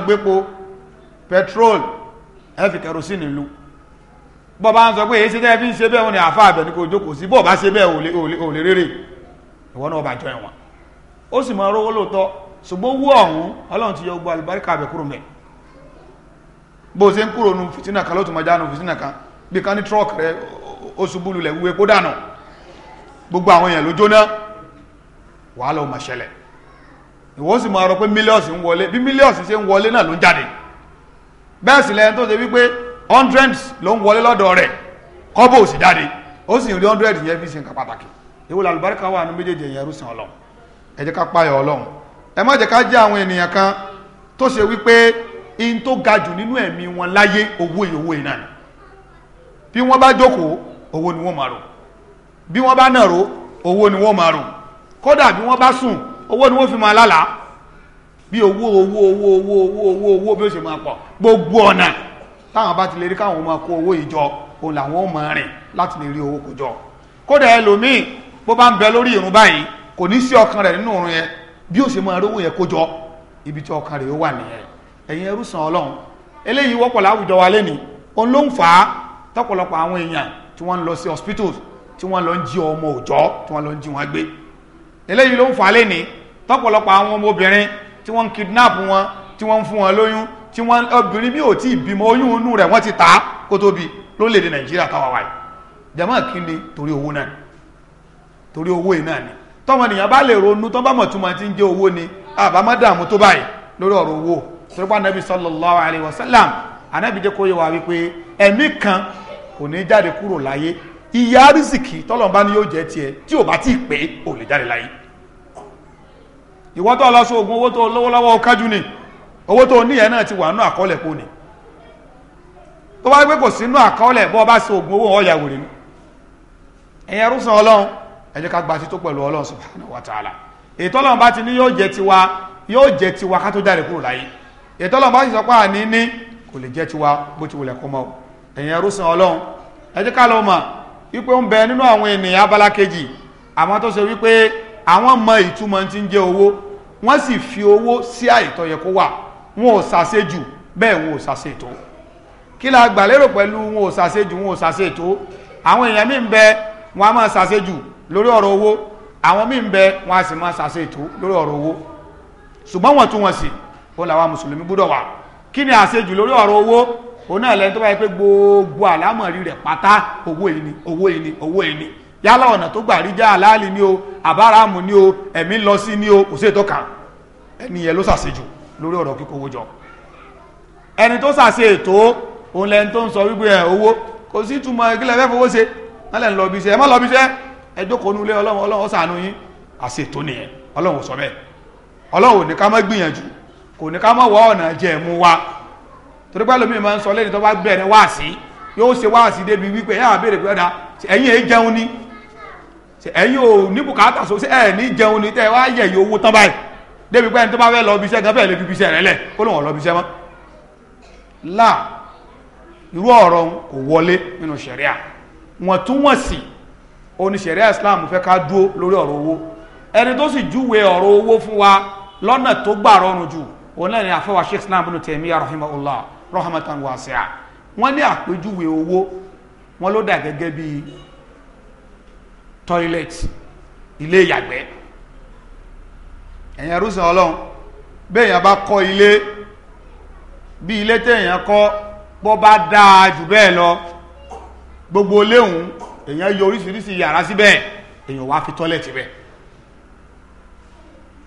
petrol ẹ fi bọ́ bá ń sọ pé èyí ṣe fi ń ṣe bẹ́ẹ̀ wọn ni àfa àbẹ̀ ní kò jókòó sí bọ́ọ̀ bá ṣe bẹ́ẹ̀ ò lè rere ìwọ náà bá jọ ẹ̀wọ̀n ó sì mọ rówó lóòótọ́ ṣùgbọ́n ọ̀hún ọlọ́run ti yọ gbọ́ àbẹ̀ kúrò mẹ́ bó o ṣe ń kúrò nu fìtínà kan ló tún fìtínà kan bí kan ní trọ́ọ̀kì rẹ ó ṣubú lulẹ̀ wúwe dànù gbogbo àwọn èèyàn ló jóná wàhálà ó ṣẹlẹ̀ ìwọ sì rọ pé mílíọ̀sì ń wọlé bí mílíọ̀sì ṣe ń wọlé náà ló ń hundreds ló ń wọlé lọ́dọ̀ rẹ̀ kọ́bọ̀ òsì jáde ó sì rí hundred yẹn fi ṣe nǹkan pàtàkì èwo làlùbáríkà wà ní méjèèjì yẹn rú sàn ọlọ́run ẹ jẹ́ ká páyọ̀ ọlọ́run ẹ má jẹ́ ká jẹ́ àwọn ènìyàn kan tó ṣe wípé in tó ga jù nínú ẹ̀mí wọn láyé owó ìyówó iná ni bí wọ́n bá jókòó owó ni wọ́n máa rò bí wọ́n bá nàró owó ni wọ́n máa rò kódà bí wọ́n bá sùn owó ni wọ́n fi máa lálàá bí owó owó owó owó owó owó bí ó ṣe máa pọ̀ gbogbo ọ̀nà táwọn bá ti lè rí káwọn máa kó owó ìjọ òun làwọn ó máa rìn láti lè rí owó kó jọ kódà ẹlòmíì bó bá ń bẹ lórí ìrun báyìí kò ní sí ọkàn rẹ̀ nínú ìrun yẹn bí ó ṣe máa rówó yẹn kó jọ ibi tí ọkàn rẹ̀ ó wà nìyẹn ẹ̀yin ẹrú sàn ọlọ́run eléyìí wọ́pọ̀ láwùjọ wa lẹ́nìí òun ló ń fà á tọ́pọ̀lọpọ̀ àwọn èèyàn tí wọ́n lọ sí hospitals tí wọ́n lọ ń jí ọmọ òòjọ́ tí wọ́n lọ ń jí wọn gbé eléyìí ló ń fà á lẹ́nìí tọ́pọ̀lọpọ̀ àwọn ọmọbìnrin tí wọ́n kidnap wọn tí wọ́n ń fún wọn lóyún tí wọ́n obìnrin mi ò tí ì bímọ oyún inú rẹ̀ wọn ti tà kó nàìjíríà táwa wáyé jama kí torí owó náà torí owó yìí náà ni bá lè ronú tọmọ bá tí ń jẹ owó ni dààmú tó báyìí lórí owó torí pa anabi alayhi wa sallam anabi kó wípé kan kò ní jáde iye ni yóò tí ò bá tí ì pé ò lè jáde owó tó níyẹn náà ti wà nú àkọọ́lẹ̀ kò ní tó bá gbé kò sínú àkọọ́lẹ̀ bọ́ bá ṣe oògùn owó ọ̀yà wèrè ni ẹ̀yin ẹrúsàn ọlọ́run ẹ jẹ́ ká gba tító pẹ̀lú ọlọ́run subhanahu wa ta'ala ètò ọlọ́run bá ti ní yóò jẹ́ tiwa yóò jẹ́ tiwa ká tó jáde kúrò láyé ètò ọlọ́run bá sì sọ pé àní ní kò lè jẹ́ tiwa bó ti wulẹ̀ kó mọ́ o ẹ̀yin ọlọ́run ẹ ká lọ mọ̀ wípé ń bẹ nínú àwọn ènìyàn abala kejì àwọn tó ṣe wípé àwọn mọ ìtumọ̀ ti ń jẹ́ owó wọ́n sì fi owó sí àyè yẹ kó wà wọn ò sàṣe jù bẹ́ẹ̀ wọn ò sàṣe tó kí la gbà lérò pẹ̀lú wọn ò sàṣe jù wọn ò sàṣe tó àwọn èèyàn míì ń bẹ wọn a máa sàṣe jù lórí ọ̀rọ̀ owó àwọn míì ń bẹ wọn a sì máa sàṣe tó lórí ọ̀rọ̀ owó ṣùgbọ́n wọ́n tún wọ́n sì ó làwa mùsùlùmí gbọ́dọ̀ wà kí ni àṣejù lórí ọ̀rọ̀ owó òun náà lẹ́yìn tó bá yẹ pé gbogbo àlámọ̀rí rẹ̀ pátá owó yìí ni owó yìí ni owó yìí ni yálà ọ̀nà tó gbà rí jẹ́ àlàálì ni o àbáraàmù ni o ẹ̀mí lọ sí ni o kò sí ètò kan ẹni yẹn ló ṣàṣejù lórí ọ̀rọ̀ kíkó owó jọ ẹni tó sàṣe ètò òun lẹni tó ń sọ wípé ẹ owó kò sí túmọ̀ ìkílẹ̀ fẹ́ fowó ṣe wọ́n lẹ̀ ń lọ bí iṣẹ́ ẹ má lọ bí iṣẹ́ ẹ jókòó nulẹ̀ ọlọ́run ọlọ́run ó ṣàánú yín àṣe ètò nìyẹn ọlọ́run sọ bẹ́ẹ̀ ọlọ́run ò ní ká má gbìyànjú kò ní ká má wọ ọ̀nà jẹ́ mú wa torí pé lómi máa ń sọ lẹ́ni tó bá bẹ̀rẹ̀ wáàsí yóò ṣe wáàsí débi wípé ẹ àbẹ̀rẹ̀ pé ọ̀dà ẹ̀yin èyí jẹun ni ẹ̀yin ò ní bùkátà sọ ẹ̀ ní jẹun ni tẹ́ ẹ wá yẹ̀yẹ owó tán báyìí débi pẹ́ni tó bá fẹ́ lọ bí iṣẹ́ gan fẹ́ lè fi iṣẹ́ rẹ̀ lẹ̀ kó lóun ọ̀lọ́ bí iṣẹ́ mọ́ láà irú ọ̀rọ̀ kò wọlé nínú ṣẹ̀ríà wọ́n tún wọ́n sì oní ṣẹ̀ríà Islam fẹ́ ká dúó lórí ọ̀rọ̀ owó ẹni tó sì júwe ọ̀rọ̀ owó fún wa lọ́nà tó gbà rọrùn jù òun náà ni àfẹ́wà Sheikh Islam bin Taymiyyah rahimahullah rahmatan wasi'a wọ́n ní àpéjúwe owó wọ́n ló dà gẹ́gẹ́ bíi toilet ilé ìyàgbẹ́ ẹ̀yàn rúsàn ọlọ́run béèyàn bá kọ́ ilé bí ilé téèyàn kọ́ bó bá dáa jù bẹ́ẹ̀ lọ gbogbo léhùn èèyàn yọ oríṣiríṣi yàrá síbẹ̀ èèyàn wá fi tọ́lẹ̀tì bẹ̀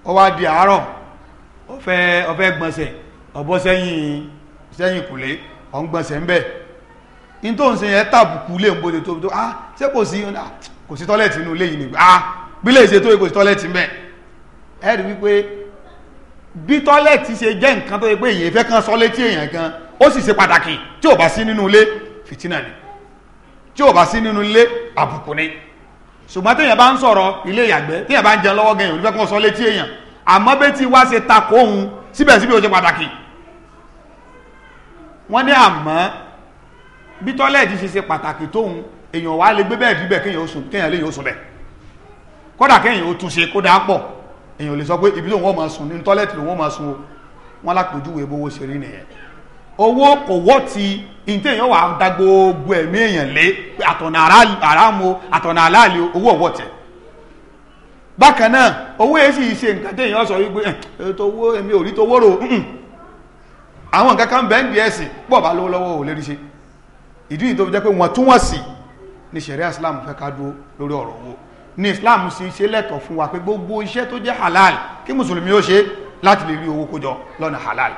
ó wá di àárọ̀ ó fẹ́ ó gbọ̀nsẹ̀ ó sẹ́yìn sẹ́yìn kùlé ó ń gbọ̀nsẹ̀ ń bẹ̀ in tó ń ṣe yẹn tàbùkù lè ń bóde tó ah ṣé kò sí ah, kò sí tọ́lẹ̀tì inú ilé yìí ah bí lè ṣe tó yẹ kò sí tọ́lẹ̀tì ń bẹ̀ ẹ̀rí wípé bí tọ́lẹ̀tì ṣe jẹ́ nǹkan tó yẹ pé èyàn fẹ́ kan sọ létí èyàn gan ó sì ṣe pàtàkì tí ò bá sí nínú ilé fìtínà ni tí ò bá sí nínú ilé àbùkù ni ṣùgbọ́n téèyàn bá ń sọ̀rọ̀ ilé ìyàgbẹ́ téèyàn bá ń jẹun lọ́wọ́ gẹ̀yìn olùfẹ́ kan sọ létí èyàn àmọ́ bẹ́ẹ̀ tí wá ṣe takò òun síbẹ̀síbẹ̀ ó ṣe pàtàkì wọ́n ní àmọ́ bí tọ́lẹ̀tì ṣe ṣe pàtàkì tóun èyàn wá lè gbé bẹ́ẹ̀ bíbẹ̀ kéèyàn ó sùn kéèyàn lè yóò sùn bẹ́ẹ̀ kódà kéèyàn ó túnṣe kódà pọ̀ èyàn ò lè sọ pé ibi tóun wọ́n máa sùn ní tọ́lẹ̀tì lòun máa sùn o wọ́n lápòjúwe bówó ṣe rí nìyẹn owó kò wọ́ ti ìtẹ̀ èyàn wà á da gbogbo ẹ̀mí èyàn lé àtọ̀nà àràmù àtọ̀nà àlàálì owó ọ̀wọ́ tẹ̀ bákan náà owó yẹn sì ṣe nǹkan tẹ̀ èyàn sọ wípé ètò owó èmi ò rí tó wóró àwọn nǹkan kan bẹ́ẹ̀ ń di ẹ̀sìn pọ̀ bá lówó ò lérí ṣe ìdí ìtò jẹ́ pé wọ́n tún wọ́n sì ní Islam fẹ́ ká dúró lórí ọ̀rọ̀ owó ní islam sì ṣe lẹ́tọ̀ fún wa pé gbogbo iṣẹ́ tó jẹ́ halal kí mùsùlùmí ó ṣe láti lè rí owó kójọ lọ́nà halal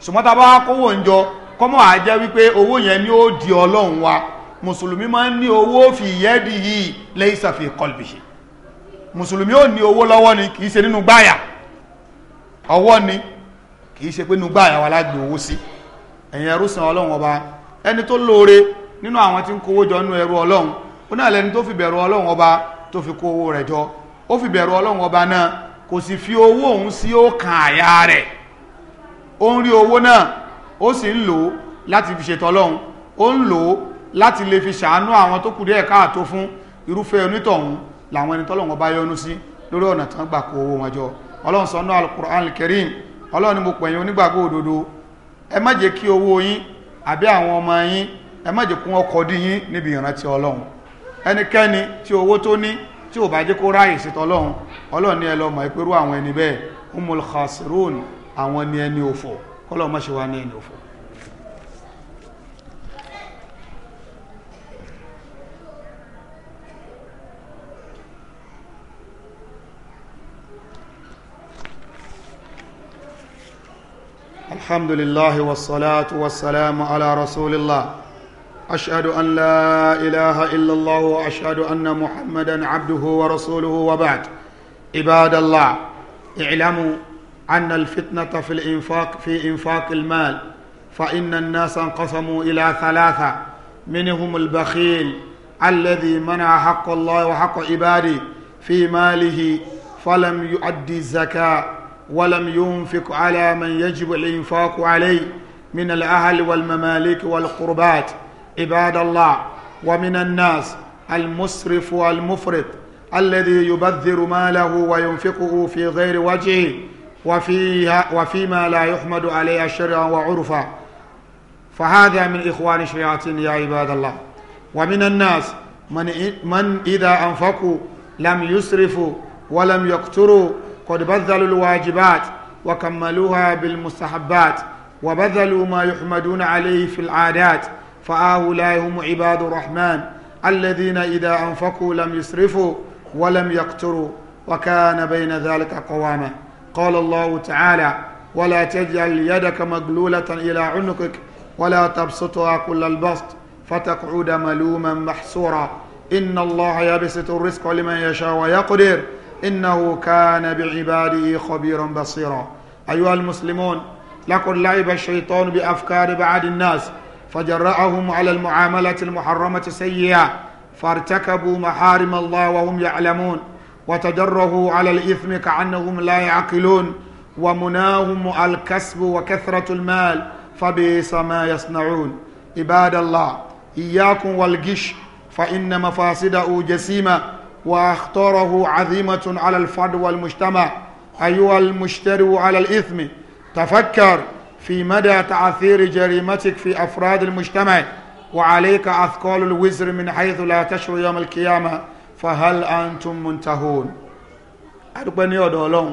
sùmọ́ta bá kówó ń jọ kọ́mọ́ à jẹ́ wípé owó yẹn ni ó di ọlọ́run wa mùsùlùmí máa ń ní owó fi yẹ́dì yìí lẹ́yìn sàfihàn kọlbìṣe mùsùlùmí ò ní owó lọ́wọ́ ni kìí ṣe nínú gbáyà ọwọ́ ni kìí ṣe pé nínú gbáyà wa lágbè owó sí ẹ̀yìn ẹrú san ọlọ́run ọba ẹni tó lóore nínú àwọn tí ń kówó jọ nínú ẹrú ọlọ́run ó náà lẹni tó fi bẹ̀rù ọlọ́run ọba tó fi kó owó rẹ̀ jọ ó fi bẹ̀rù ọlọ́run ọba náà kò sì fi owó òun sí ọkàn àyà rẹ̀ ó ń rí owó náà ó sì ń lò ó láti fi ṣètò ọlọ́run ó ń lò ó láti lè fi ṣàánú àwọn tó kù díẹ̀ káàtó fún irúfẹ́ onítọ̀hún làwọn ẹni tọ́lọ́run ọba yọ́nú sí lórí ọ̀nà tán gbà kó owó wọn jọ ọlọ́run sọ alukur'an alkarim ọlọ́run ni mo pẹ̀yìn onígbàgbọ́ òdodo ẹ má jẹ́ kí owó yín àbí àwọn ọmọ yín ẹ má jẹ́ kí wọ́n kọ́ dí yín níbi ìrántí ọlọ́run ẹnikẹ́ni tí owó tó ní tí ò bá jẹ́ kó ráyè sí tọ́lọ́run ọlọ́run ní ẹlọ́mọ̀ ìpérú àwọn ẹni bẹ́ẹ̀ umul khasirun àwọn ni ẹni òfò kọ́lọ́mọ ṣe wá ní ẹni òfò alhamdulillah wassalatu wassalamu ala rasulillah اشهد ان لا اله الا الله واشهد ان محمدا عبده ورسوله وبعد عباد الله اعلموا ان الفتنه في الانفاق في انفاق المال فان الناس انقسموا الى ثلاثه منهم البخيل الذي منع حق الله وحق عباده في ماله فلم يؤدي الزكاه ولم ينفق على من يجب الانفاق عليه من الاهل والمماليك والقربات عباد الله ومن الناس المسرف والمفرط الذي يبذر ماله وينفقه في غير وجهه وفيها وفيما لا يحمد عليها شرعا وعرفا فهذا من إخوان الشياطين يا عباد الله ومن الناس من, من إذا أنفقوا لم يسرفوا ولم يقتروا قد بذلوا الواجبات وكملوها بالمستحبات وبذلوا ما يحمدون عليه في العادات فهؤلاء هم عباد الرحمن الذين إذا أنفقوا لم يسرفوا ولم يقتروا وكان بين ذلك قواما قال الله تعالى ولا تجعل يدك مغلولة إلى عنقك ولا تبسطها كل البسط فتقعد ملوما محسورا إن الله يبسط الرزق لمن يشاء ويقدر إنه كان بعباده خبيرا بصيرا أيها المسلمون لقد لعب الشيطان بأفكار بعض الناس فجرأهم على المعاملة المحرمة سيئة فارتكبوا محارم الله وهم يعلمون وتجرهوا على الإثم كأنهم لا يعقلون ومناهم الكسب وكثرة المال فبئس ما يصنعون عباد الله إياكم والجش فإن مفاسده جسيمة وأخطاره عظيمة على الفرد والمجتمع أيها المشتري على الإثم تفكر في مدى تعثير جريمتك في أفراد المجتمع وعليك أثقال الوزر من حيث لا تشعر يوم القيامة فهل أنتم منتهون adúpẹ́ ní ọ̀dọ̀ ọlọ́run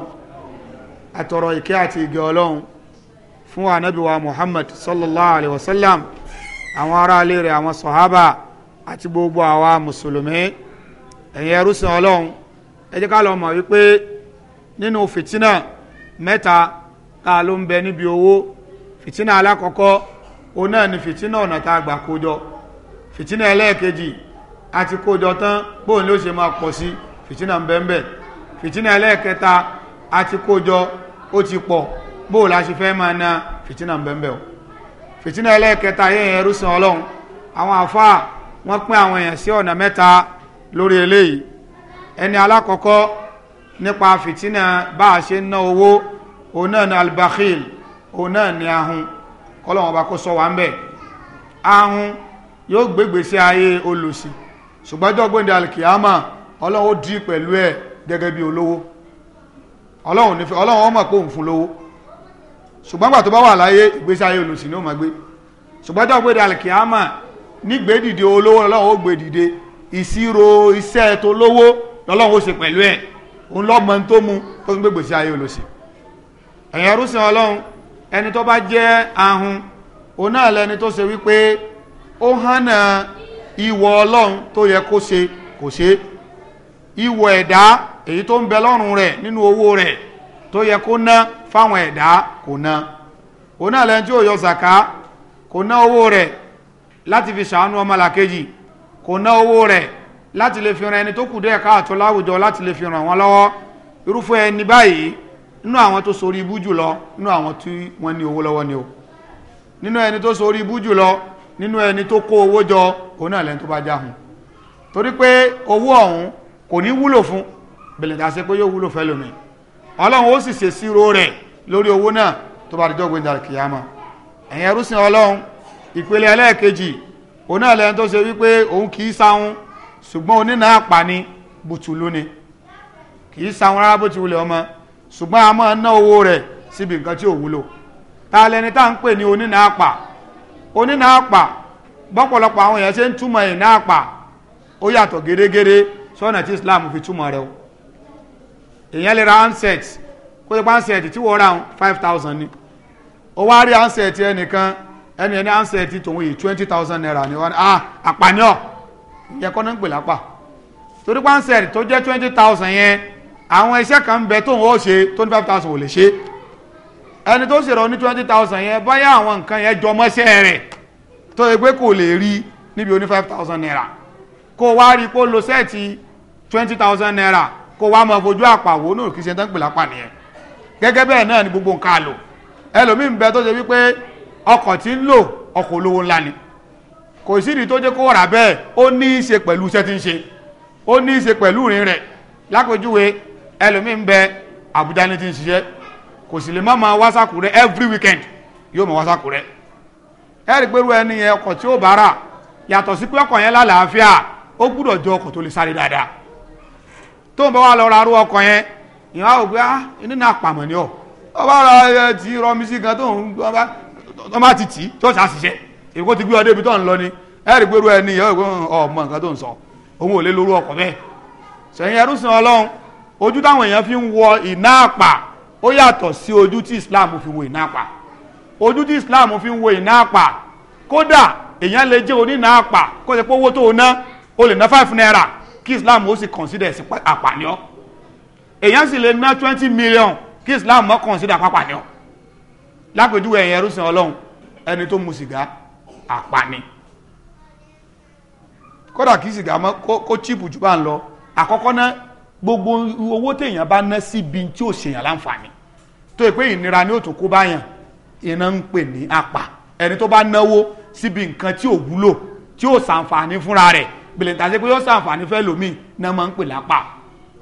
àtọ̀rọ̀ ìkẹ́ àti ìgẹ̀ ọlọ́run fún ànábìwá muhammad sallallahu alayhi wa sallam àwọn aráalé rẹ̀ àwọn sọ̀hábà àti gbogbo àwa mùsùlùmí ẹ̀yin ẹrúsìn ọlọ́run ẹ jẹ́ ká lọ mọ̀ wípé nínú fìtínà mẹ́ta tá a ló ń bẹ níbi owó fìtínà alákọ̀ọ́kọ́ òun náà ni fìtínà ọ̀nà tá a gbà kójọ fìtínà ẹlẹ́ẹ̀kejì àti kójọ tán bóun ló ṣe máa pọ̀ sí fìtínà bẹ́ẹ̀nbẹ́ẹ̀ fìtínà ẹlẹ́ẹ̀kẹta àti kójọ ó ti pọ̀ bóun la ṣe fẹ́ máa na fìtínà bẹ́ẹ̀nbẹ́ẹ̀ o fìtínà ẹlẹ́ẹ̀kẹta yẹn ẹrú san ọlọ́run àwọn àfáà wọ́n pín àwọn èèyàn sí ọ̀nà mẹ́ta lórí eléyìí ẹni alákọ̀ọ́kọ́ nípa fìtínà bá a ṣe ń ná owó òun náà ni albakhil o náà ni ahun kọ́lọ́wọ́n ọba kó sọ wá ń bẹ̀ ahun yóò gbégbé sí ayé olùsìn ṣùgbọ́n ọjọ́ gbòǹde dí pẹ̀lú ẹ̀ gẹ́gẹ́ bí olówó ọlọ́run nífẹ̀ẹ́ pé òun fún lówó ṣùgbọ́n gbà tó bá wà láyé ìgbésí ayé olùsìn ni máa gbé dìde olówó dìde ìṣirò iṣẹ́ tó lówó pẹ̀lú ẹ̀ òun ẹni tó bá jẹ́ ahun òun náà lẹni tó ṣe wípé ó hànà ìwọ ọlọ́run tó yẹ kó ṣe kò ṣe ìwọ ẹ̀dá èyí tó ń bẹ lọ́rùn rẹ̀ nínú owó rẹ̀ tó yẹ kó ná fáwọn ẹ̀dá kò ná òun náà lẹni tí ò yọ zàká kò ná owó rẹ̀ láti fi ṣàánú ọmọlàkejì kò ná owó rẹ̀ láti lè fi ran ẹni tó kù díẹ̀ káàtó láwùjọ láti lè fi ràn wọ́n lọ́wọ́ irúfẹ́ ẹni báyìí nínú àwọn tó sorí ibú jùlọ nínú àwọn tí wọ́n ní owó lọ́wọ́ ni o nínú ẹni tó sorí ibú jùlọ nínú ẹni tó kó owó jọ òun náà lẹ́ni tó bá jáhùn torí pé owó ọ̀hún kò ní wúlò fún bẹ̀lẹ̀ tà pé yóò wúlò fẹ́lòmí ọlọ́run ó sì ṣe rẹ̀ lórí owó náà tó bá dìjọ́ ẹ̀yìn ẹrúsìn ọlọ́run ìpele ẹlẹ́ẹ̀kejì òun náà lẹ́ni tó ṣe wípé òun kì í sáhun ni bùtù lóni kì í sáhun rárá ọmọ ṣùgbọ́n a máa ná owó rẹ̀ síbi nǹkan tí ò wúlò ta lẹni tá ń pè ní onínàápà onínàápà bọ́pọ̀lọpọ̀ àwọn èèyàn ṣe ń túmọ̀ ìnáàpà ó yàtọ̀ gẹ́gẹ́rẹ́ sọ́nà tí Islam fi túmọ̀ o èèyàn lè ra handset kó ipa handset tí wọ́n ra five thousand ni ó wá rí handset ẹnìkan ẹni ẹni handset tòun yìí thousand naira ni wọ́n ah ìyẹn kọ́ ní ń pè lápà torí handset tó jẹ́ twenty thousand yẹn àwọn iṣẹ́ kan bẹ tóun ó ṣe twenty five thousand ò lè ṣe ẹni tó ṣèrọ ní twenty thousand yẹn báyà àwọn nǹkan yẹn jọmọ́ṣẹ́ rẹ̀ tó yẹ pé kò lè rí níbi oní five thousand naira kó wá rí kó lo sẹ́ẹ̀tì twenty thousand naira kó wá máa fojú àpàwọ́ náà kì í ṣe tán pè lápá nìyẹn gẹ́gẹ́ bẹ́ẹ̀ náà ni gbogbo nǹkan lò ẹlòmíín bẹ tó ṣe wípé ọkọ̀ tí ń lò ọkọ̀ olówó ńlá ni kò sídìí tó jẹ́ kó rà bẹ́ẹ̀ ó ní í ṣe pẹ̀lú iṣẹ́ tí ń ṣe ó ní í ṣe pẹ̀lú ìrìn rẹ̀ lápèjúwe ẹlòmíì ń bẹ Àbújá ní ti ń ṣiṣẹ́ kò sì lè má every weekend yóò máa wá rẹ ẹ pẹ̀lú ẹni yẹn ọkọ̀ tí ó bá yàtọ̀ sí pé ọkọ̀ yẹn lálàáfíà ó gbúdọ̀ jọ ọkọ̀ tó lè sáré dáadáa tó ń lọ ra arú ọkọ̀ yẹn ah ni ọ ọ bá ti ni pẹ̀lú ẹni yẹn nǹkan tó ń sọ òun ò lè ojú táwọn èèyàn fi ń wọ iná àpà ó yàtọ̀ sí ojú tí islam fi wo iná àpà ojú tí islam fi ń wo iná àpà kódà èèyàn lè jẹ́ oníná àpà kó ṣe pé owó tó o ná o lè ná five naira kí islam ó sì consider sí àpànìyàn èèyàn sì lè ná twenty million kí islam mọ́ consider àpànìyàn lápèjúwe ẹ̀yìn ẹrú sin ọlọ́run ẹni tó mu sìgá àpàni kódà kí sìgá mọ́ kó chíìpù jù bá ń lọ àkọ́kọ́ náà gbogbo owó téèyàn bá ná síbi tí ò ṣèyàn láǹfààní tó yẹ ìnira ni ó tún kó báyàn iná ń pè ní apà ẹni tó bá náwó síbi nǹkan tí ò wúlò tí ò sàǹfààní fúnra rẹ̀ bìlẹ̀ntà sí pé yóò sàǹfààní fẹ́ lómi náà máa ń pè lápà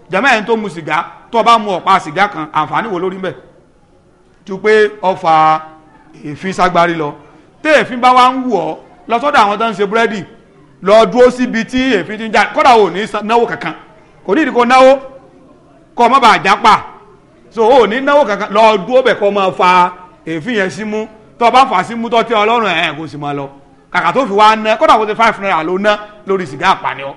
jàmá ẹni tó mu sìgá tó bá mu ọ̀pá sìgá kan àǹfààní wo lórí mbẹ̀ ju pé ọfà èéfín ságbárí lọ tí èéfín bá wá ń wù ọ́ lọ sọ́dọ̀ àwọn tó ń ṣe búrẹ́dì lọ dúró síbi tí èéfín ti ń jà kódà ò ní náwó kankan kò ní ìdíkò náwó kọ́ ọ má bàa jápa so ó ní náwó kankan lọ dúró bẹ̀ kọ́ máa fa èéfín yẹn sí mú tọ́ bá fà sí mú tọ́ tí ọlọ́run ẹ̀ kò sì máa lọ kàkà tó fi wá ná kódà kó ti five naira ló ná lórí sìgá àpànìyàn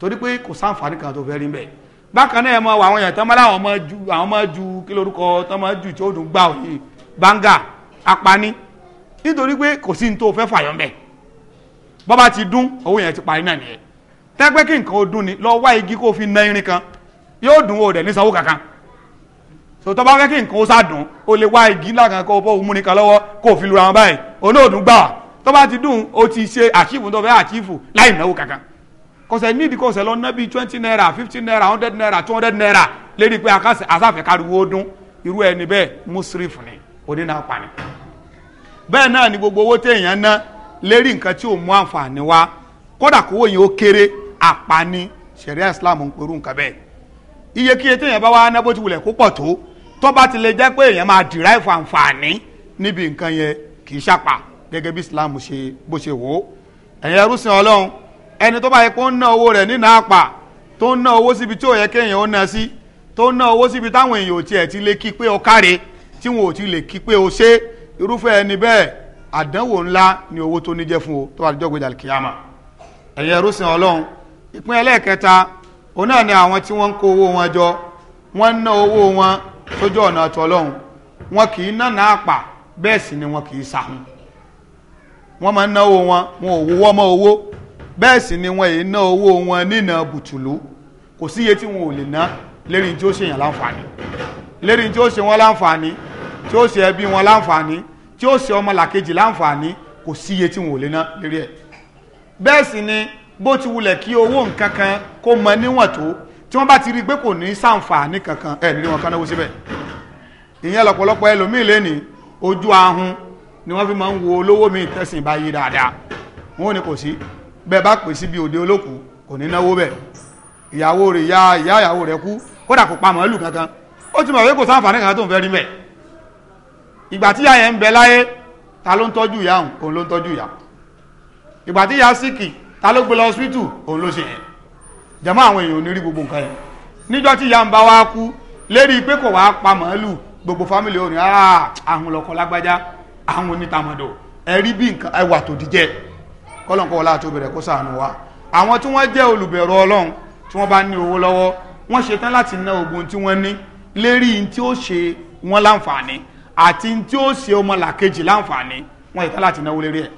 torí pé kò sáǹfààní kan tó fẹ́ rí bẹ́ẹ̀ bákan náà ẹ mọ àwọn èèyàn tán máa láwọn máa ju àwọn máa ju kí lorúkọ tán máa ju tí ó dùn gbà òye bánga apani nítorí pé kò sí ní tó fẹ́ fàyọ̀ mbẹ́ bọ́ bá ti dún owó yẹn ti parí náà nìyẹn tẹ́gbẹ́ kí nǹkan ó dún ni lọ wá igi kó fi na irin kan yóò dùn ó dẹ̀ ní sanwó kankan so tọ́ bá fẹ́ kí nǹkan ó sádùn ó lè wá igi ńlá kan kó bọ́ òun múnika lọ́wọ́ kó fi lura wọn báyìí olóòdùn gbà tọ́ bá ti dùn ó ti ṣe àṣìfù tó fẹ́ àṣìfù láì náwó kankan kọsẹ̀ nídìí kọsẹ̀ lọ ná bíi twenty naira fifteen naira hundred naira two hundred naira lérí pé àsáfẹ́ káriwo dún irú ẹni bẹ́ẹ̀ musrif ni onínà pani bẹ́ẹ̀ náà ni gbogbo owó téèyàn ná lérí nǹkan tí ò mú àǹfààní wá kódà kówó yẹn ó kéré àpani sẹ̀ríà islam ń perú nǹkan bẹ́ẹ̀ iyekíye téèyàn bá wá ná bó ti wulẹ̀ kó pọ̀ tó tó bá ti lè jẹ́ pé èèyàn máa dìráìfù àǹfààní níbi nǹkan yẹn kì í ṣàpà gẹ́gẹ́ bí islam ṣe bó ṣe wò ó ẹ̀yin ẹrúsìn ọlọ́run ẹni tó bá yẹ kó ń ná owó rẹ̀ nínú àpà tó ń ná owó síbi tí ò yẹ kéèyàn ó ná sí tó ń ná owó síbi táwọn èèyàn ò tiẹ̀ ti lè kí pé o káre tí wọn ò ti lè kí pé o ṣe irúfẹ́ ẹni bẹ́ẹ̀ àdánwò ńlá ni owó tó ní jẹ́ fún o tó bá ti jọ́ gbé dàlùkìyàmà ẹ̀yin ẹrúsìn ọlọ́run ìpín ẹlẹ́ẹ̀kẹta òun náà ni àwọn tí wọ́n ń kó owó wọn jọ wọ́n ń ná owó wọn sójú ọ̀nà àtọ̀lọ́hún wọn kì í àpà bẹ́ẹ̀ sì ni wọn kì í sahun máa ń ná owó wọn wọn ò wọ́ owó bẹ́ẹ̀ sì ni wọn èyí ná owó wọn nínà bùtùlù kò tí wọn ò lè ná lérí tí ó láǹfààní lérí bó ti wulẹ̀ kí owó nǹkan kan kó mọ níwọ̀n tó tí wọ́n bá ti rí i pé kò ní sàǹfààní kankan ẹ̀ nílé wọn kan náwó síbẹ̀ ìyẹn lọ́pọ̀lọpọ̀ ẹlòmíì lé ojú ahun ni wọ́n fi máa ń wo olówó mi tẹ̀sìn báyìí dáadáa wọn ò ní kò sí bẹ́ẹ̀ bá pè síbi òde olóku kò ní náwó bẹ́ẹ̀ ìyàwó rẹ̀ ya ìyá ìyàwó rẹ̀ kú kódà kò pa màálù kankan ó ti mọ̀ pé kò sáǹfààní kankan tó ń fẹ́ rí mẹ́ ìgbà tí ìyá yẹn ń bẹ láyé ta ló ń tọ́jú ìyá òun òun ló ń tọ́jú ìyá ìgbà tí ìyá síkì ta ló gbé lọ ọsibítù òun ló ṣe yẹn jẹmọ àwọn èèyàn ò ní rí gbogbo nǹkan yẹn níjọ́ tí ìyá ń bá wa kú lérí pé kò wá pa màálù gbogbo fámìlì òní àwọn lọkọ lágbájá àwọn onítàmọdò ẹrí bí nǹkan ẹwà tó díjẹ kọlọńkọ wọlá tó bẹ̀rẹ̀ kó sàánú wa àwọn tí wọ́n jẹ́ olùbẹ̀rù Ọlọ́run tí wọ́n bá ní owó lọ́wọ́ wọ́n ṣetán láti ná ogun tí wọ́n ní lérí tí ó ṣe wọ́n láǹfààní àti tí ó ṣe ọmọlàkejì láǹfààní wọ́n ṣetán láti náwó lérí ẹ̀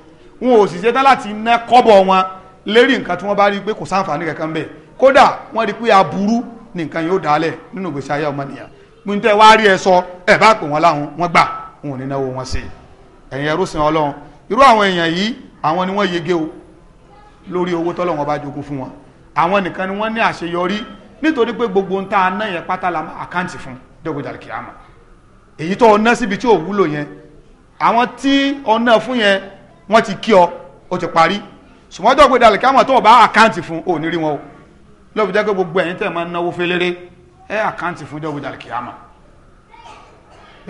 wọn ò sì ṣetán láti ná kọ́bọ̀ wọn lérí nǹkan tí wọ́n bá rí pé kò sáǹfààní kankan bẹ́ẹ̀ kódà wọ́n rí pé aburú ni nǹkan yóò dálẹ̀ nínú ìgbésí ayé ọmọnìyàn gbìntẹ́ wá rí ẹ sọ ẹ bá pè wọ́n láwọn wọ́n gbà wọn ò ní náwó wọn sí ẹ̀yin ẹrú sin ọlọ́run irú àwọn èèyàn yìí àwọn ni wọ́n yege o lórí owó tọ́lọ́wọ́n bá jogún fún wọn àwọn nìkan ni wọ́n ní àṣeyọrí nítorí pé gbogbo ń ta yẹn pátá la àkáǹtì fún dẹ́gbẹ̀dàlì kìámà èyí tó ọ̀nà síbi tí ò wúlò yẹn àwọn tí ọ̀nà fún yẹn wọ́n ti ṣùgbọ́n tó gbé dalẹ̀ káwọn tó bá àkáǹtì fún ò ní rí wọn o lọ́bi jẹ́ pé gbogbo ẹ̀yin tẹ̀ máa ń náwó fẹ́lẹ́rẹ́ ẹ àkáǹtì fún jọ́ gbé dalẹ̀ kíámà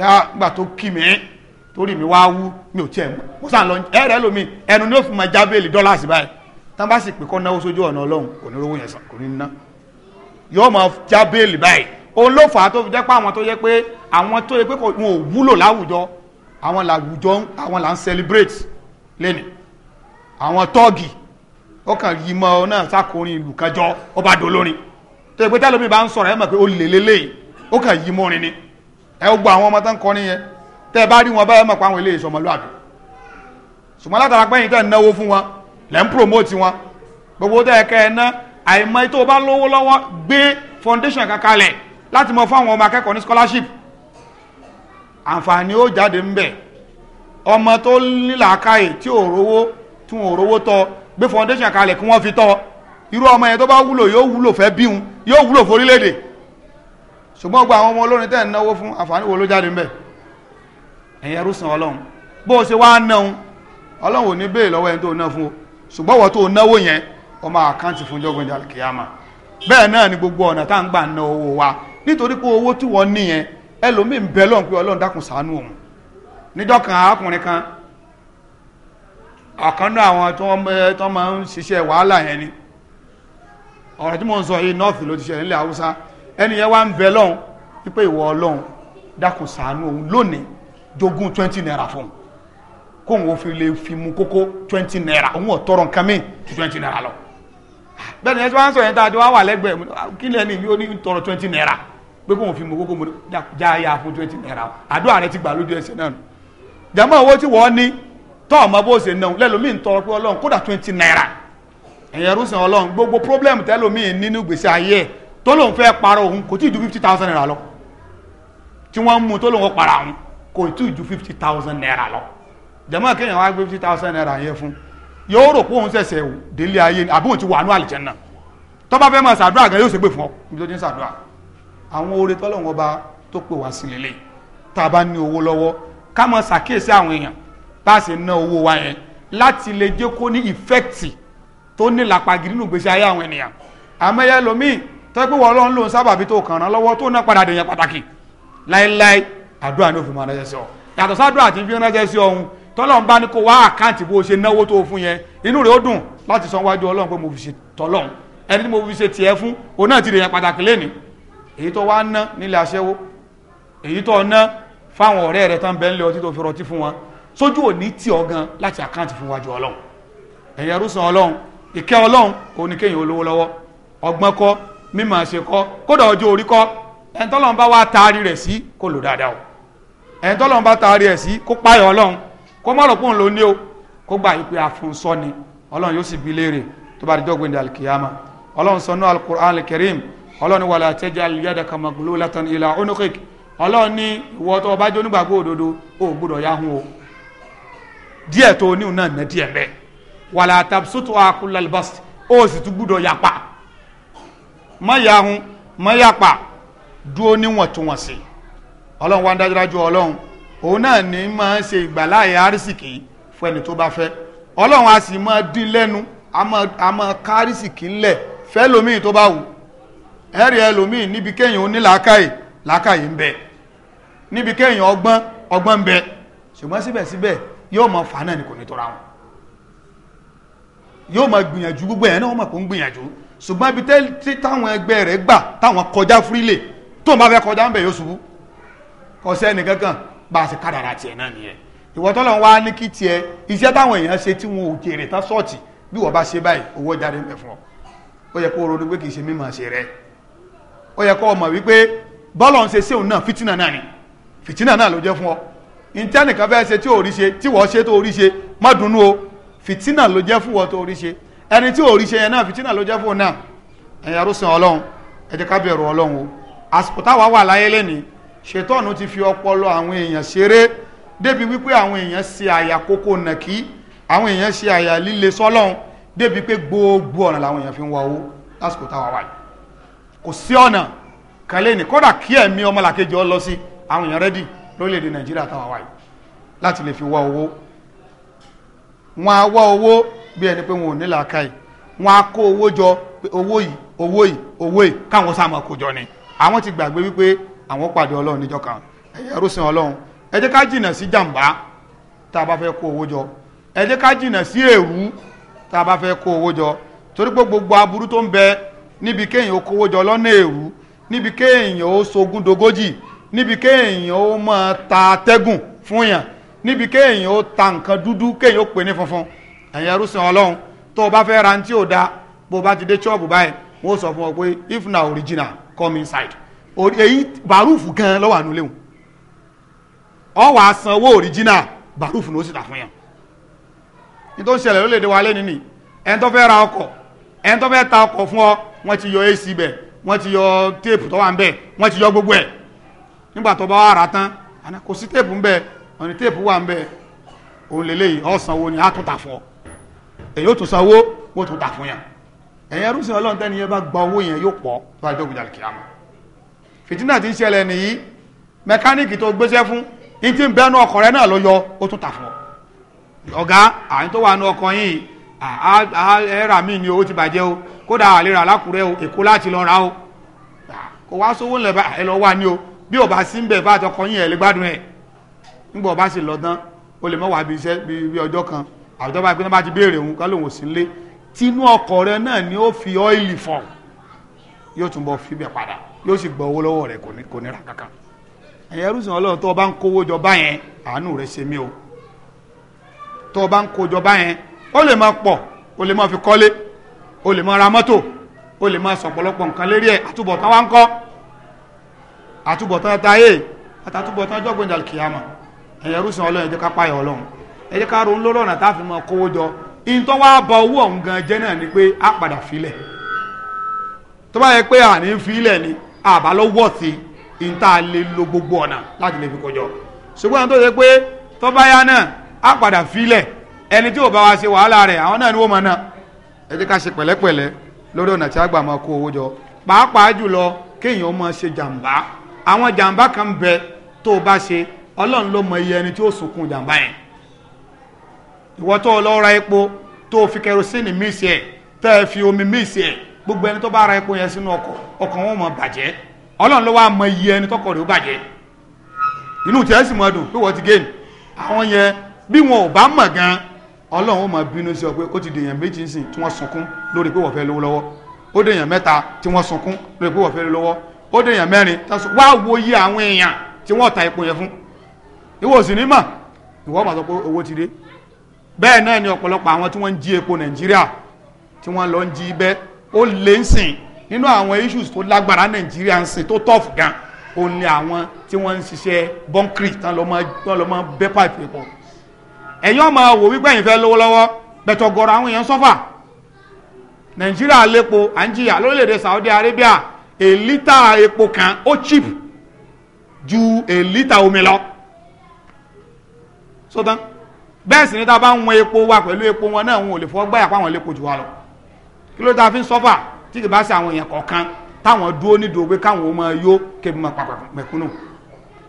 yá gbà tó kí mi torí mi wá wú mi ò tiẹ̀ mo sàn lọ ẹ rẹ lómi ẹnu ni ó fi máa jábẹ́ẹ̀lì dọ́là sí báyìí tán bá sì pé kọ́ náwó sójú ọ̀nà ọlọ́run kò ní rówó yẹn sàn kò ní ná yóò máa jábẹ́ẹ̀lì báyìí òun ló fà á tó fi jẹ́ pé àwọn tó yẹ pé àwọn tó yẹ pé wọn ò wúlò láwùjọ àwọn làwùjọ àwọn là ń celebrate lénìí àwọn tọ́ọ̀gì ó kàn yí mọ́ ọ náà sákòrin ìlú kẹjọ ó bá dolórin tó yẹ pé tẹ́lómi bá ń sọ̀rọ̀ ẹ mọ̀ pé ó lè lélẹ́yìí ó kàn yí mọ́rin ni ẹ gbọ́ àwọn ọmọ tó ń kọrin yẹn tẹ́ ẹ bá rí wọn mọ̀ pé àwọn eléyìí látara gbogbo tẹ́ ẹ kẹ́ ẹ ná tó bá lówó lọ́wọ́ gbé mọ fún àwọn ọmọ akẹ́kọ̀ọ́ ní scholarship àǹfààní ó jáde ọmọ tó tí wọn ò rówó gbé foundation kalẹ̀ kí wọ́n fi tọ irú ọmọ yẹn tó bá wúlò yóò wúlò fẹ́ bíun yóò wúlò forílẹ̀-èdè ṣùgbọ́n gba àwọn ọmọ olórin tẹ́ ń náwó fún wo ló jáde ńbẹ̀ ẹ̀yẹ rúsan ọlọ́run bó o ṣe ọlọ́run ò ní lọ́wọ́ ẹni tó fún o ṣùgbọ́n wọ́n tó yẹn àkáǹtì fún bẹ́ẹ̀ náà ni gbogbo ọ̀nà tá à ń gbà ná owó wa nítorí pé owó tí wọ́n ní àkànnà àwọn tó máa ń ṣiṣẹ́ wàhálà yẹn ni ọ̀rọ̀ tí mo ń sọ yìí north ló ti ṣẹlẹ̀ nílẹ̀ haúsá ẹni yẹn wá ń bẹ lọ́hùn wípé ìwọ ọlọ́hùn dákun ṣàánú òun lónìí jogún twenty naira fún un kóun ò fi lè fi mu kókó twenty naira òun ò tọrọ nǹkan míì ju twenty naira lọ bẹ́ẹ̀ni ẹ ti wá ń sọ yẹn tá a ti wá wà lẹ́gbẹ̀ẹ́ ah, kí lẹ́ni mi ní tọrọ twenty naira pé kóun fi mu kókó mo já ya fún twenty naira àdúrà rẹ ti gbà lójú ẹsẹ̀ náà jàmọ́ owó tí wọ́n ní tọ́ ọmọ bó ṣe náà lẹ́lòmíì ń tọrọ pé ọlọ́run kódà twenty naira ẹ̀yẹ rúṣin ọlọ́run gbogbo problem tẹ́lòmíì nínú gbèsè ayé ẹ̀ tó lòun fẹ́ parọ́ òun kò tí ì ju fifty thousand naira lọ tí wọ́n ń mú tó lòun kọ́ para òun kò tí ì ju fifty thousand naira lọ jàmáà kéèyàn wá gbé fifty thousand naira yẹn fún yóò rò pé òun ṣẹ̀ṣẹ̀ délé ayé ni àbí òun ti wà ní àlìjánnà tó bá fẹ́ máa ṣàdúrà gan yóò ṣe gbé fún ọ níbi tó bá a ṣe ná owó wa yẹn láti lè jẹ́ kó ní ìfẹ́kìtì tó ní làpàgì nínú ìgbésí ayé àwọn ènìyàn àmọ́yẹ lomi tọ́jú pé wọ́n lọ́n lòun sábàbí tó kàn án lọ́wọ́ tó ná padà dèyàn pàtàkì láéláé àdúrà ní òfin máa ránṣẹ́ sí ọ yàtọ̀ sádùn àti fi ránṣẹ́ sí ọ̀hún tọ́lọ́n bá ní kó wá àkáǹtì bó ṣe náwó tó fún yẹn inú rẹ̀ ó dùn láti san wájú ọlọ́run pé mo fi ṣe tọ́lọ́run ẹni tí mo fi ṣe tiẹ̀ fún òun náà ti dèyàn pàtàkì lẹ́ni èyí tó wá ná nílé aṣẹ́wó èyí tó ná fáwọn ọ̀rẹ́ rẹ̀ tán bẹ́ẹ̀ ń lé ọtí tó fi rọtí fún wọn sójú òní tí ọ gan láti àkáǹtì fún wájú ọlọ́run ẹ̀yẹ rúsan ọlọ́run ìkẹ́ ọlọ́run òun ni kéèyàn olówó lọ́wọ́ ọgbọ́n kọ́ mímọ̀ ṣe kọ́ kódà ọjọ́ orí kọ́ ẹni tọ́lọ́run bá wá taari rẹ̀ sí kó lò dáadáa o ẹni tọ́lọ́run bá taari rẹ̀ sí kó páyọ̀ ọlọ́run kó má rọ̀ pé òun ló ní o kó gbà ìpè àfúnsọ ni ọlọ́run yóò sì bi léèrè tó bá di jọ́gbìn di alikiyama ọlọ́run sọ náà alukur'an kẹrim ọlọ́run ni wàlá àtẹ́jẹ́ aliyada kamagbolo latan ilà onukik ọlọ́run ni ìwọ tó bá òdodo ó gbọ́dọ̀ yahun o díẹ̀ tó oníhùn náà ná díẹ̀ mbẹ́ wàlá tabsutu akulalibas ó sì tún gbúdọ̀ yapa má yahun má yapa dúró níwọ̀ntúnwọ̀nsì ọlọ́run wá ń dájúdájú ọlọ́run òun náà ní máa ń ṣe ìgbàláyè arísìkì fún ẹni tó bá fẹ́ ọlọ́run a sì máa dín lẹ́nu a máa ká arísìkì ńlẹ̀ fẹ́ lómìn tó bá wù ẹ̀rí ẹlòmíì níbi kéèyàn ó ní làákàyè làákàyè ń bẹ níbi kéèyàn ọgbọ́n ọgbọ́n ń bẹ ṣùgbọ́n síbẹ̀síbẹ̀ yóò mọ fà náà ni kò ní tọ́ra wọn yóò mọ gbìyànjú gbogbo yẹn náà wọ́n mọ̀ kó ń gbìyànjú ṣùgbọ́n ibi tí táwọn ẹgbẹ́ rẹ̀ gbà táwọn kọjá fúrílẹ̀ tó ń bá fẹ́ kọjá ń bẹ̀ yóò ṣubú kò sẹ́ni kankan bá a ṣe kádàrà tiẹ̀ náà nìyẹn ìwọ tọ́lọ̀ wá ní kí tiẹ̀ iṣẹ́ táwọn èèyàn ṣe tí wọn ò jèrè tán sọ́ọ̀tì bí wọ́n bá ṣe báyìí owó jáde ń bẹ̀ fún ọ ntẹ́nìkan fẹ́ ṣe tí ò rí ṣe tí wọ́n ṣe tó rí ṣe má dunnú o fìtínà ló jẹ́ fún wọn tó rí ṣe ẹni tí ò rí ṣe yẹn náà fìtínà ló jẹ́ fún wọn náà ẹ̀yin arúsàn ọlọ́run ẹ jẹ́ ká bẹ̀rù ọlọ́run o àsìkò táwa wà láyé lẹ́ni ṣètọ́nù ti fi ọpọlọ àwọn èèyàn ṣeré débi wípé àwọn èèyàn ṣe àyà kókó nàkí àwọn èèyàn ṣe àyà líle sọ́lọ́run débi pé gbogbo ọ̀nà làwọn ni kódà kí ẹ̀mí ọmọlàkejì ọ lọ sí lórílẹ̀-èdè Nigeria táwa wáyé láti lè fi wá owó wọn á wá owó bí ẹni pé wọn ò ní làákàyè wọn á kó owó jọ pé owó yìí owó yìí owó yìí káwọn sáàmà kó jọ ni àwọn ti gbàgbé wípé àwọn pàdé ọlọ́run níjọ́ kan ẹ̀yẹ rúṣin ọlọ́run ẹ jẹ́ ká jìnà sí jàǹbá tá a bá fẹ́ kó owó jọ ẹ ká jìnà sí èrú tá a bá fẹ́ kó owó jọ torí pé gbogbo aburú tó ń bẹ níbi kéèyàn ó kówó jọ lọ́nà èrú níbi kéèyàn ó sogún dogójì níbi kéèyàn ó máa ta atẹ́gùn fún yàn níbi kéèyàn ó ta nǹkan dúdú kéèyàn ó pè ní funfun ẹ̀yin ẹrúsìn ọlọ́run tó o bá fẹ́ ra tí ò da bó o bá ti dé ṣọ́ọ̀bù báyìí wọ́n sọ fún ọ pé if na original come inside èyí bàrúfù gan lọ́wọ́ àánú léwu ọ wà á san owó original bàrúfù ni ó sì tà fún yàn ní tó ń ṣẹlẹ̀ ló lè dé wa lé nínú ẹni tó fẹ́ ra ọkọ̀ ẹni tó fẹ́ ta ọkọ̀ fún ọ wọ́n ti yọ ac bẹ̀ wọ́n ti yọ téèpù tó wà ń bẹ̀ wọ́n ti yọ gbogbo ẹ̀ nígbà tó bá wà rà tán àná kò sí téèpù ń bẹ ọ̀nì téèpù wà ń bẹ òun lélẹ́yìí ọ̀sánwó ni a tún tà fún ọ èyí ó tún sanwó ó tún tà fún yàn ẹ̀yìn ẹrú sí ọlọ́run tẹ́ni yẹn bá gba owó yẹn yóò pọ̀ tó bá dókun jàlè kìlámù fìtínà ti ń ṣẹlẹ̀ nìyí mẹkáníìkì tó gbéṣẹ́ fún ní tí ń bẹ́nu ọkọ̀ rẹ náà ló yọ ó tún tà fún ọ ọ̀gá àyìn tó wà nù ọkọ̀ yìí ẹ̀rà mi ni o ti bàjẹ́ o kódà àlera alákùrẹ́ o èkó láti lọ o kò wá sówó ńlẹ̀ bá ẹ lọ wá ní o bí o bá sí ń bẹ̀ bá àtọkọ yín ẹ̀ lè gbádùn ẹ̀ nígbà o bá sì lọ o lè mọ̀ wá bí iṣẹ́ bí ọjọ́ kan àbí bá pé bá ti béèrè òun kan lòun ò sí ń lé tinú ọkọ̀ rẹ náà ni ó fi ọ́ìlì fọ̀ yóò túnbọ̀ fi bẹ̀ padà yóò sì gbọ́ owó lọ́wọ́ rẹ kò ní ra kankan ẹ̀yẹ rúṣin ọlọ́run tó o bá ń kówó jọ báyẹn àánú rẹ ṣe mí o tó o bá ń kó báyẹn ó lè máa pọ̀ o lè máa fi kọ́lé o lè máa ra mọ́tò o lè máa sọ̀pọ̀lọpọ̀ nǹkan lérí ẹ̀ àtúbọ̀tán wá ń kọ́ àtúbọ̀tán táyé àtàtúbọ̀tán ọjọ́ gbẹ̀ndà kìyàmà ẹ̀yẹ rúṣin ọlọ́run ẹ̀jẹ̀ ká ọlọ́run ẹ̀jẹ̀ ká ronú lọ́rọ̀ náà táfi kówó jọ in tó wá bọ owó ọ̀hún gan jẹ́ náà ni pé a padà filẹ̀ tó bá yẹ pé filẹ̀ ni àbá lọ wọ̀ sí in tá a gbogbo ọ̀nà láti lè fi kọjọ ṣùgbọ́n tó yẹ pé tó bá yá náà padà filẹ̀ wa ṣe wàhálà rẹ̀ àwọn náà ni wọ́n mọ̀ náà ká ṣe pẹ̀lẹ́pẹ̀lẹ́ lórí ọ̀nà owó jọ pàápàá jùlọ kéèyàn àwọn jàǹbá kan bẹ tó o bá ṣe ọlọ́run ló mọ iye ẹni tí ó sunkún jàǹbá yẹn ìwọ tó o lọ ra epo tó o fi kẹrosínì míìsì ẹ̀ tẹ́ ẹ fi omi míìsì ẹ̀ gbogbo ẹni tó bá ra epo yẹn sínú ọkọ̀ ọkàn wọn mọ bàjẹ́ ọlọ́run ló wá mọ iye ẹni tọkọ̀ rẹ̀ ó bàjẹ́ inú tiẹ̀ sì mọ̀ dùn pé wọ́n ti gé ni àwọn yẹn bí wọn ò bá mọ̀ gan ọlọ́run ó mọ bínú sí ọ pé ó ti dèèyàn méjì ń sìn tí wọ́n sunkún lórí pé wọ́n fẹ́ lówó lọ́wọ́ ó dèèyàn mẹ́ta tí wọ́n sunkún lórí pé wọ́n fẹ́ lówó lọ́wọ́ ó dé èèyàn mẹ́rin tọ́sọ wá wo iye àwọn èèyàn tí wọ́n ta epo yẹn fún ìwọ sì ní mọ̀ ìwọ mà sọ pé owó ti dé bẹ́ẹ̀ náà ni ọ̀pọ̀lọpọ̀ àwọn tí wọ́n ń jí epo nàìjíríà tí wọ́n lọ ń jí bẹ́ ó lé ń sìn nínú àwọn issues tó lágbára nàìjíríà ń sìn tó tough gan ó ní àwọn tí wọ́n ń ṣiṣẹ́ bọ́ńkìrì tán lọ́ mọ́ bẹ́ pipe epo ẹ̀yin ọmọ wò wípé ẹ̀yin fẹ́ lówó lọ́wọ́ bẹ̀tọ̀gọ̀rọ̀ àwọn èèyàn sọ́fà nàìjíríà lépo à ń jìyà lórílẹ̀‐èdè Saudi Arabia èlítà epo kan ó cheap ju èlítà omi lọ sótán bẹ́ẹ̀ sì ni tá a bá ń wọn epo wa pẹ̀lú epo wọn náà wọn ò lè fọ́ gbáyà pàwọn lépo jù wa lọ kí ló ta fi ń sọ́fà tí kì bá sí àwọn èèyàn kọ̀ọ̀kan táwọn dúró nídòó pé káwọn ó máa yó kébi máa pàpà mẹ̀kúnnù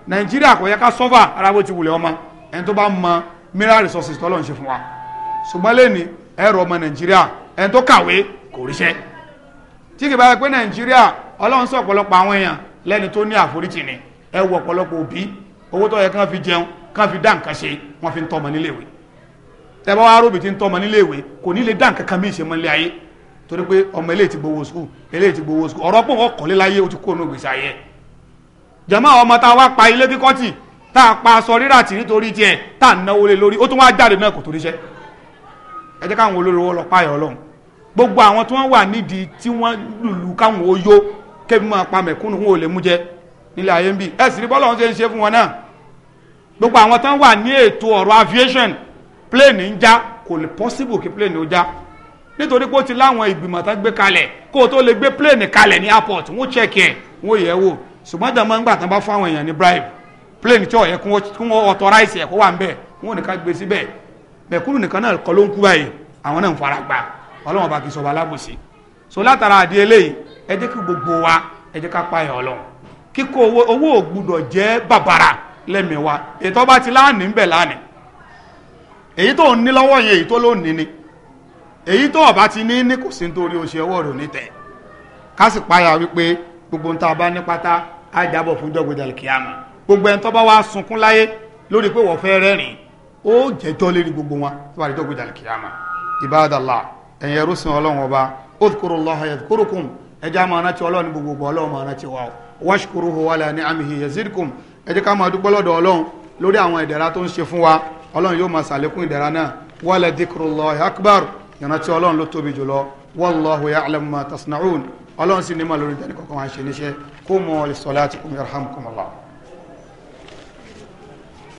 nàìjíríà kò yẹ ká sọ́fà ara bó ti wulẹ̀ ọmọ ẹni tó bá mọ mineral resources tọ́lọ́ ń ṣe fún wa ṣùgbọ́n lẹ́ni ẹ̀rọ ọmọ nàìjíríà ẹni tó kàwé kò ríṣẹ́ tí kì bá yẹ pé nàìjíríà ọlọ́run sọ ọ̀pọ̀lọpọ̀ àwọn èèyàn lẹ́ni tó ní àforítì ni ẹ wo ọ̀pọ̀lọpọ̀ òbí owó tó yẹ kán fi jẹun kán fi dá nǹkan ṣe wọ́n fi ń tọ́ ọmọ níléèwé tẹ́bá wá róbì tí ń tọ́ ọmọ níléèwé kò ní lè dá nǹkan kan bí ìṣe mọ́lé ayé torí pé ọmọ eléyìí ti gbowó sùkúù eléyìí ti gbowó sùkúù ọ̀rọ̀ pọ̀ wọ́n kọ̀lé láyé ó ti kó onú gbèsè ayé jàmá ọmọ tá a wá pa ilé lọ páyọ̀ ọlọ́run gbogbo àwọn tí wọ́n wà nídìí tí wọ́n lùlù káwọn ó yó kébi máa pa mẹ̀kúnnù wọn ò lè mú jẹ nílẹ̀ ayé ń bì ẹ sì rí bọ́lá wọn ṣe ń ṣe fún wọn náà gbogbo àwọn tán wà ní ètò ọ̀rọ̀ aviation plane ń já kò lè possible kí plane ó já nítorí pé ó ti láwọn ìgbìmọ̀ tán gbé kalẹ̀ kó o tó lè gbé plane kalẹ̀ ní airport wọ́n check ẹ̀ wọ́n yẹ̀ wò ṣùgbọ́n dàmọ́ ń tán bá fún àwọn èèyàn ní bribe plane tí ọ̀yẹ́ kún wọ́n authorize ẹ̀ kó wà ń bẹ̀ wọ́n nìkan gbé síbẹ̀ mẹ̀kúnnù nìkan náà kọ́ ló ń kú báyìí àwọn náà ń fara gbà ọlọ́wọ́n bá kì í sọ̀rọ̀ ẹ kí gbogbo wa ẹ jẹ́ ká kíkó owó owó jẹ́ bàbàrà wa ètò ọba ti láàánì ń bẹ láàánì èyí tó ń ní lọ́wọ́ yẹn èyí tó ló ní ni èyí tó ọba ti ní ní kò sí nítorí oṣù ẹwọ́ rò ní tẹ̀ wípé gbogbo nta ọba ní pátá á jábọ̀ fún kíámà gbogbo ẹni tó bá wá sunkún láyé ẹjá máa rántí ọlọ́run gbogbogbò ọlọ́run máa rántí wa washkuruhu wala ni'amihi yazidkum ẹjẹ́ ká máa dúpẹ́ lọ́dọ̀ ọlọ́run lórí àwọn ìdẹ̀ra tó ń ṣe fún wa ọlọ́run yóò máa ṣàlékún ìdẹ̀ra náà wala dhikrullahi akbar ìrántí ọlọ́run ló tóbi jùlọ wallahu ya'lamu ma tasna'un ọlọ́run sì ní màá lórí ìdánilẹ́kọ̀ọ́ kan wá ṣe níṣẹ́ qumu li salatikum yarhamkumullah.